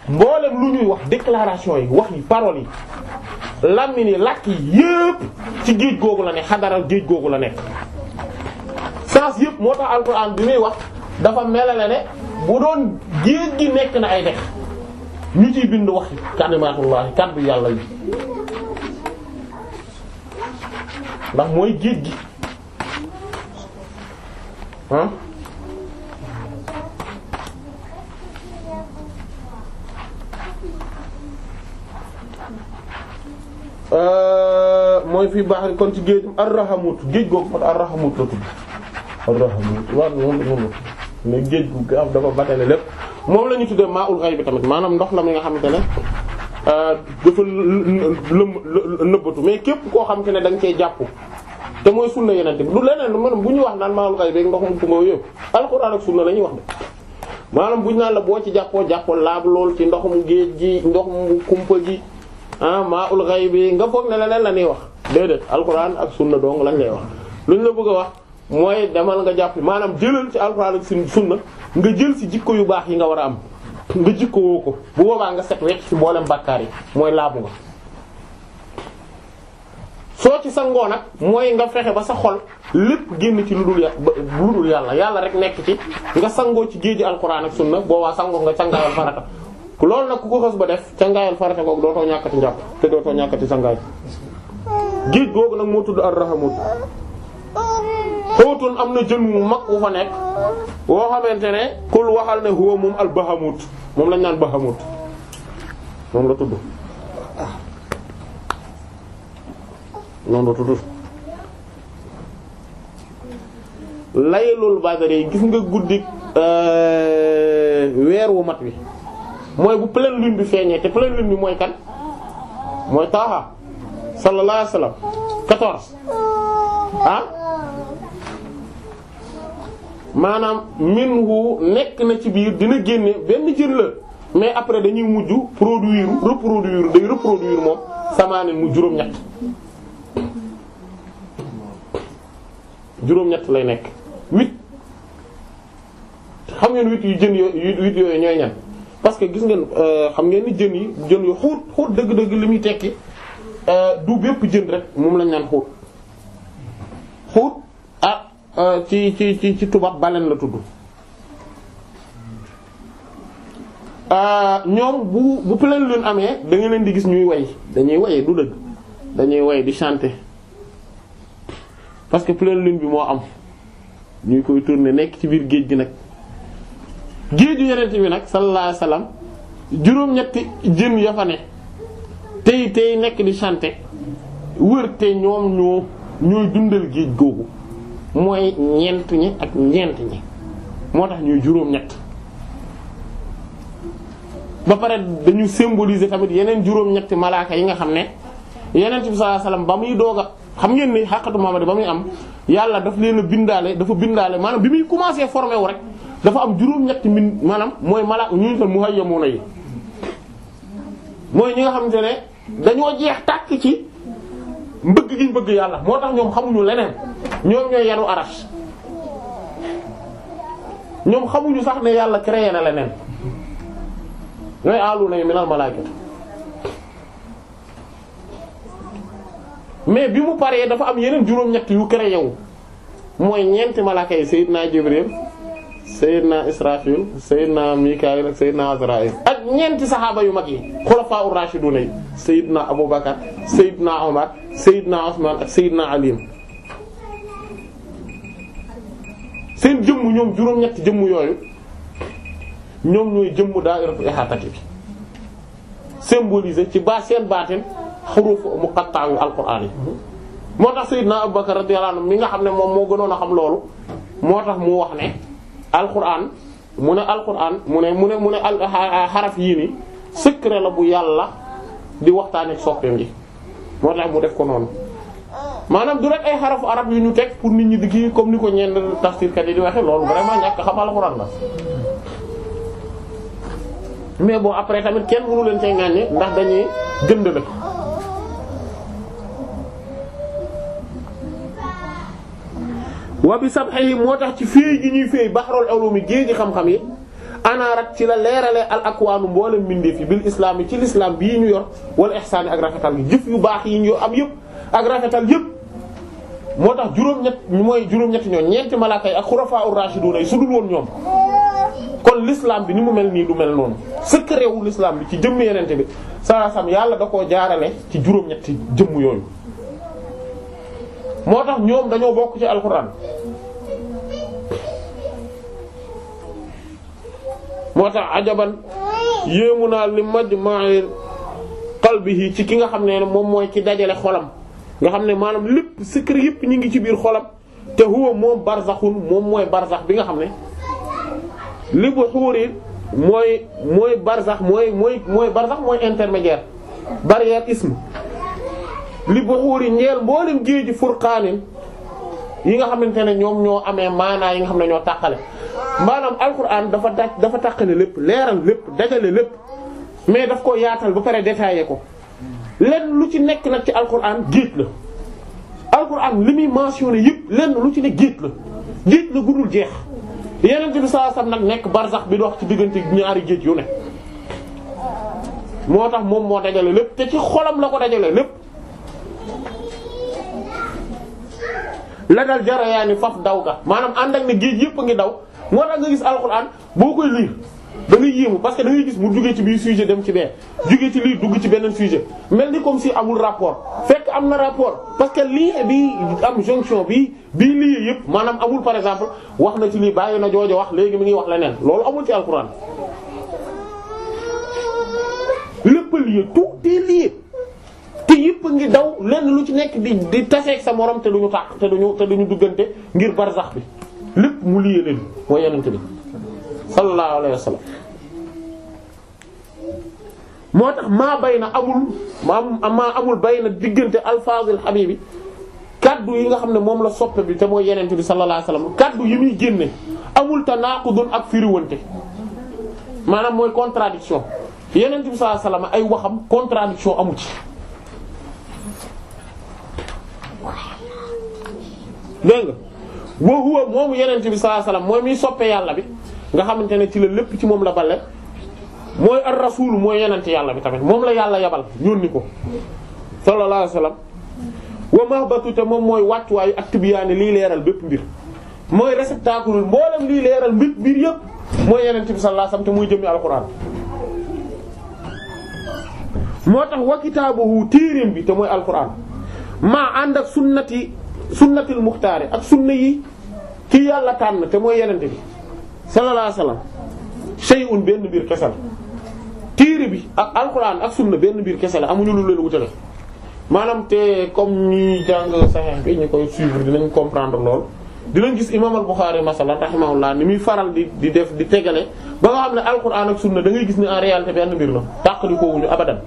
mboolem lu ñuy wax déclaration yi wax yi paroles yi làmmiñ yi làkk yi yépp ci géej googu la ne xadaral géej googu la nekk sens yépp moo tax alxuraan bi muy wax dafa melale ne bu doon géej gi nekk na ay dex ñu ciy bind wax kalimaatullaahi kàddu yàlla yi ndax mooy géej gi ah mooy fii baax kon ci géejum géej googu man arrahamut la tudd arrahamut waaw moom moom la tudd mais géej gu gaaw dafa batale lépp moom la ñu tuddee maa ul ghayb bi tamit maanaam ndox la mi nga xamante ne euh, dafa lëm nëbbatu mais képp koo xamante ne da nga cee jàpp te mooy sunna yeneen bi du leneen maanaam bu ñu wax naan maa ul ghayb bi ndoxum kumóo yëpp alxuraan la ñuy wax maanaam bu naan la boo ci jàppoo jàppoo laab lool ci ndoxum géej gi ndoxum kumpa gi ah maa ul ghayb bi nga foog ne leneen la ñuy wax déedéet alxuraan ak sunna dong lañ lay wax luñ la bëgg a wax mooy demal nga jàpp maanaam jëlal ci alxuraan ak sunna nga jël ci jikko yu baax yi nga war a am nga jikko woo ko bu boobaa nga set wecc ci boolem bàkkaar yi mooy laabu nga soo ci sangoo nag mooy nga fexe ba sa xol lépp génn ci lu dul yà lu dul yàlla yàlla rek nekk ci nga sangoo ci géeji alxuraan ak sunna boobaa sangoo nga cangaayal farata loolu nag ku ko xës ba def cangaayal farata googu dootoo ñàkkati njàpp te dootoo ñàkkati sangaay géej nag moo tudd ar-rahamut xóotun am na jën wu mag wu fa nekk woo xamante ne kul waxal ne huwa moom al bahamut moom lañ naan bahamut moom la tudd moom la tudd gis nga guddi euh, weer wu mat wi mooy bu pleine lune bi feeñee te pleine lune bi mooy kan mooy Taaha sallallahu alayhi wasallam ah maanaam wu nekk na ci biir dina génne benn jën la mais après dañuy mujj produire reproduire day reproduire moom samaane mu juróom-ñett juróom-ñett lay nekk huit xam ngeen wit yu jën yooyu huit yooyu ñooy ñan parce que gis ngeen euh, xam ngeen ni jën yi jën yu xuut xuut dëgg-dëgg li muy tekki euh, du bépp jën rek moom lañ naan xuut xuut Euh, ci ci ci ci tubaab baleen la tudd euh, ñoom bu bu pleine lune amee da nga leen di gis ñuy woy dañuy way du dëgg dañuy way di chanter parce que pleine bi moo am ñu koy tourner nekk ci biir géej gi nag géeju yeneen bi nag sallallahu alayhi wasallam juróom-ñetti jën ya fa tey tey nekk di chanter wër ñoom ñoo ñooy dundal géej googu. mooy ñeent ñi ak ñeent ñi moo tax ñuy juróom-ñett ba pare dañu symboliser tamit yeneen juróom-ñetti malaaka yi nga xam ne yeneen bi sallallahu alayhi ba muy doog a xam ngeen ni xàqatu Muhammad ba muy am yàlla daf leen bindaale dafa bindaale maanaam bi muy commencé formé wu rek dafa am juróom-ñetti min maanaam mooy malaaka ñu ñu tal muhayyamuna yi mooy ñi nga xamante ne dañoo jeex tàkk ci mbëgg gi ñu bëgg yàlla moo tax ñoom xamuñu leneen ñoom ñooy yanu arash ñoom xamuñu sax ne yàlla créé na leneen ñooy aalu na minal malaayikatu mais bi mu paree dafa am yeneen juróom-ñett yu créé wu mooy ñeenti malaaka yi Sayyidina Jibril Seydina Israfil Seydina Mikaayil ak Seydina Azraayil ak ñeenti saxaaba yu mag yi xulafaa ur raashiduna yi Seydina Abubakar Seydina Omar Seydina Usmaan ak Seydina Ali seen jëmm ñoom juróom-ñetti jëmm yooyu ñoom ñooy jëmm daa'iratu ihaatati bi symbolisé ci ba seen baatin xuruf muqatta'a yu alquraan yi moo tax Seydina Abubakar radiyallahu anhu mi nga xam ne moom moo gënoon a xam loolu moo tax mu wax ne alquran mu ne alquran mu ne mu ne mu ne xaraf yii ni secret la bu yàlla di waxtaanee ak soppeem yi moo tax mu def ko noonu maanaam du rek ay xarafu arab yu ñu teg pour nit ñi di comme ni ko ñenn tafsirkat yi di waxe loolu vraiment ñàkk xam alquran la mais bon après tamit kenn mënu leen cee ŋàññe ndax dañuy gëndale wa bi sabxihi moo tax ci féey gi ñuy féey baxrul ulumi géej gi xam-xam yi anaarat ci la leerale al akwaanu mboolem mbindeef yi bil islaam yi ci lislaam bi bii ñu yor wala ihsaan ak gi jëf yu baax yi ñu am yëpp ak rafetal yëpp. moo tax juróom mooy juróom-ñetti ñoom ñeenti yi ak xurafaa'ur raashiduuna yi su dul woon ñoom kon l'islam bi ni mu mel nii du mel noonu secret wu lislaam bi ci jëmm yenente bi saa sam yàlla da koo jaarale ci juróom-ñetti jëmm yooyu. moo tax ñoom dañoo bokk ci alxuraan moo tax ajaban yéemu naa li majma'i qalbihi ci ki nga xam ne moom mooy ci dajale xolam nga xam ne maanaam lépp secret yépp ñu ngi ci biir xolam te huwa moom barzaxun moom mooy barzax bi nga xam ne li bu xuuri mooy mooy barzax mooy mooy mooy barzax mooy intermédiaire barrière li buxuuri ñeel mboolem géeji furqaanin yi nga xamante ne ñoom ñoo amee maanaa yi nga xam ne ñoo tàqale maanaam alquran dafa daj dafa tàqale lépp leeral lépp dajale lépp mais daf ko yaatal ba pare détaillé ko lenn lu ci nekk nag ci alquran géej la alquran li muy mentionné yëpp lenn lu ci ne géej la géej la gudul jeex yeneen bi saa sam nag nekk barzax bi dox ci diggante ñaari géej yu ne moo tax moom moo dajale lépp te ci xolam la ko dajale lépp la dal jarayaani faf daw ga maanaam ànd ak na géej yépp a ngi daw moo tax nga gis alxuraan boo koy lii dangay ngay yéemu parce que da gis mu jugee ci biir sujet dem ci bee jugee ci lii dugg ci beneen sujet mel ni comme si amul rapport fekk am na rapport parce que lii bi am jonction bi bii lii yëpp maanaam amul par exemple wax na ci lii bàyyi na joojo wax léegi mi ngi wax leneen loolu amul ci alxuraan lépp lié tout est lié te yëpp a ngi daw lenn lu ci nekk di di taseeg sa moroom te duñu tàq te duñu te duñu duggante ngir barzax bi lépp mu liyee leen mooy yonent bi sallallahu alayhi wa moo tax maa bay na amul maa maa amul bay na diggante alfaazul habibi kaddu yi nga xam ne moom la soppe bi te mooy yenente bi sallallahu alayhi kaddu yi muy génne amul tanaaqudun ak firiwante maanaam mooy contradiction yenente bi sallallahu ay waxam contradiction amu ci dégg nga wa huwa moomu yenente bi sallallahu alayhi wasallam mooy miy soppe yàlla bi nga xamante ne ci la lépp ci moom la balle mooy ar mooy yenente yàlla bi tamit moom la yàlla yabal yónni ko sallallahu alayhi wasallam wa mahbatu te moom mooy wàccuwaayu ak tibiyaani liy leeral bépp mbir mooy réceptacle mboolem liy leeral mbir mbir yëpp mooy yenente bi sallallahu alayhi wasallam te muy jëmmi alquran moo tax wa kitaabuhu téereem bi te mooy alquran maa ànd ak sunnati sunnatil muxtaari ak sunna yi ki yàlla tànn te mooy yenente bi sallallahu alayhi wasallam shay'un benn mbir kese la tiiri bi ak alxuraan ak sunna benn mbir kese la amuñu lu leen wutale maanaam te comme ñuy jàng saxeex bi ñu koy suivre dinañ comprendre lool dinañ gis imam al-Bukhari masalan rahimahullah ni muy faral di di def di tegale ba nga xam ne alxuraan ak sunna da ngay gis ni en réalité benn mbir la tàqali ko wuñu abadan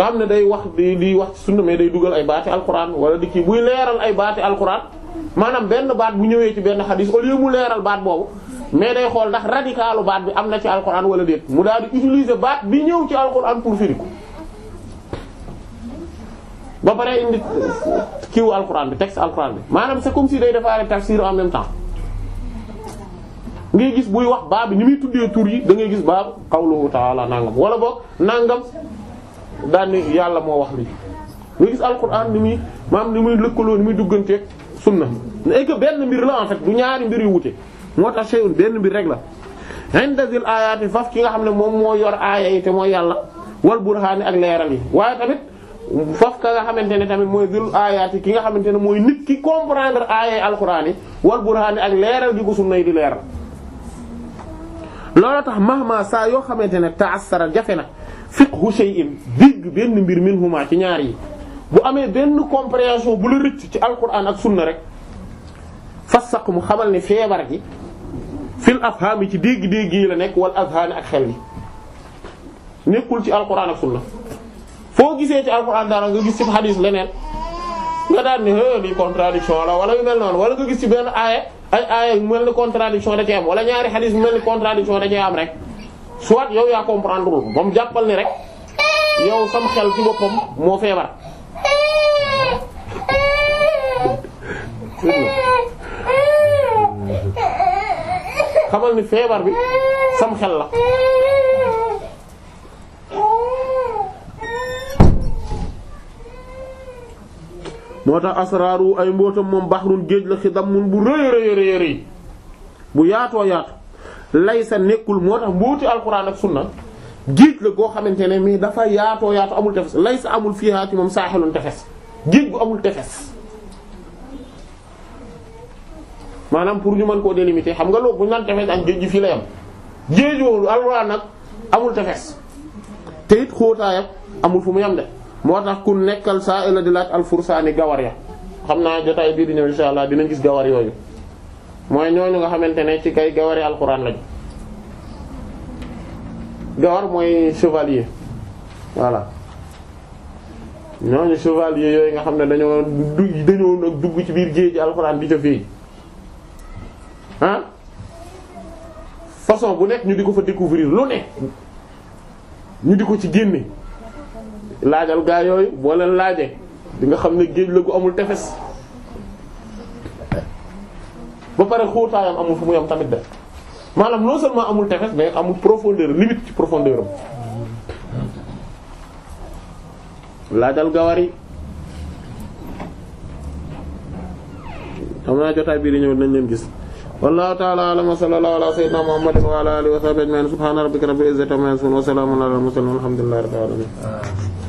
nga xam ne day wax di di wax suñ sunna mais day dugal ay baati alquran wala di kii buy leeral ay baati alquran maanaam benn baat bu ñëwee ci benn xadis au lieu mu leeral baat boobu mais day xool ndax radicalu baat bi am na ci alquran wala déet mu daal di utiliser baat bi ñëw ci alquran pour firi ba pare indi kiiwu alquran bi texte alquran bi maanaam c'est comme day day defaale tafsir en même temps ngay gis buy wax baab bi ni muy tuddee tur yi da ngay gis baab qawluhu ta'ala nangam wala boog nangam daan yàlla moo wax li nga gis alxuraan ni muy maam ni muy lëkkaloo ni muy duggante sunna et que benn mbir la en fait du ñaari mbir yu wute moo tax shay'un benn mbir rek la. inda zil aayaati faf ki nga xam ne moom moo yor aaya yi te mooy yàlla wal burhaani ak leeral yi waaye tamit faf ka nga xamante ne tamit mooy zil aayaati ki nga xamante ne mooy nit ki comprendre aaya yi alxuraan yi wal burhaani ak leeral gi ko sunna yi di leeral. loolu tax mahma saa yoo xamante ne taassara jafe na. fiqhu shay'in dégg benn mbir minhuma ci ñaar yi bu amee benn compréhension bu la rëcc ci alquran ak sunna rek fas fassaq mu xamal ne feebar gi fil afham yi ci dégg-dégg yi la nekk wal azhaan ak xel yi nekkul ci alquran ak sunna foo gisee ci alquran dara nga gis ci xadis leneen nga daan ne lii contradiction la wala yu mel noonu wala nga gis ci benn aaya ay aaya mel ni contradiction da cee am wala ñaari xadis mel ni contradiction am soit yow yaa comprendre moom jàppal ni rek yow sam xel ci boppam moo feebar. xamal ni feebar bi sam xel la. moo tax asraaru ay mbootam moom baxrun géej la xidam mun bu rëy rëy rëy rëy bu yaatoo yaatu. laysa nekkul moo tax mbooti alxuraan ak sunna géej la goo xamante ne mais dafa yaatoo yaatoo amul tefes sa amul fiha ci moom saaxilun tefes géej gu amul tefes. maanaam pour ñu mën koo délimiter xam nga loolu bu ñu naan tefes ak géej gi fii la yam géej woowu alxuraan nag amul tefes te it xóotaayam amul fu mu yam de moo tax ku nekkal saa ila di laaj al alfursaani gawar ya xam naa jotaay bii di ñëw insha allah dinañ gis gawar yooyu. mooy ñooñu nga xamante ne ci kay gawari alxuraan lañu gawar mooy chevalier voilà ñooñu chevalier yooyu nga xam ne dañoo dugg ci biir géej alxuraan di ca fii ah façon bu nekk ñu di ko fa découvrir lu ne ñu di ko ci génne laajal gaa yooyu boo leen laaje di nga xam ne géej la gu amul tefes ba pare xóotaayam amul fu mu yam tamit de maanaam non seulement amul tefes mais amul profondeur limite ci profondeur am laajal gawar yi am naa jotaay bii di ñëw nañ leen gis wallahu ta'ala a'lam wa sallallahu ala sayyidina muhammadin wa ala alihi wa sahbihi ajma'in subhana rabbika rabbil izzati amma yasifun wa salamun ala al mursalin walhamdulillahi rabbil alamin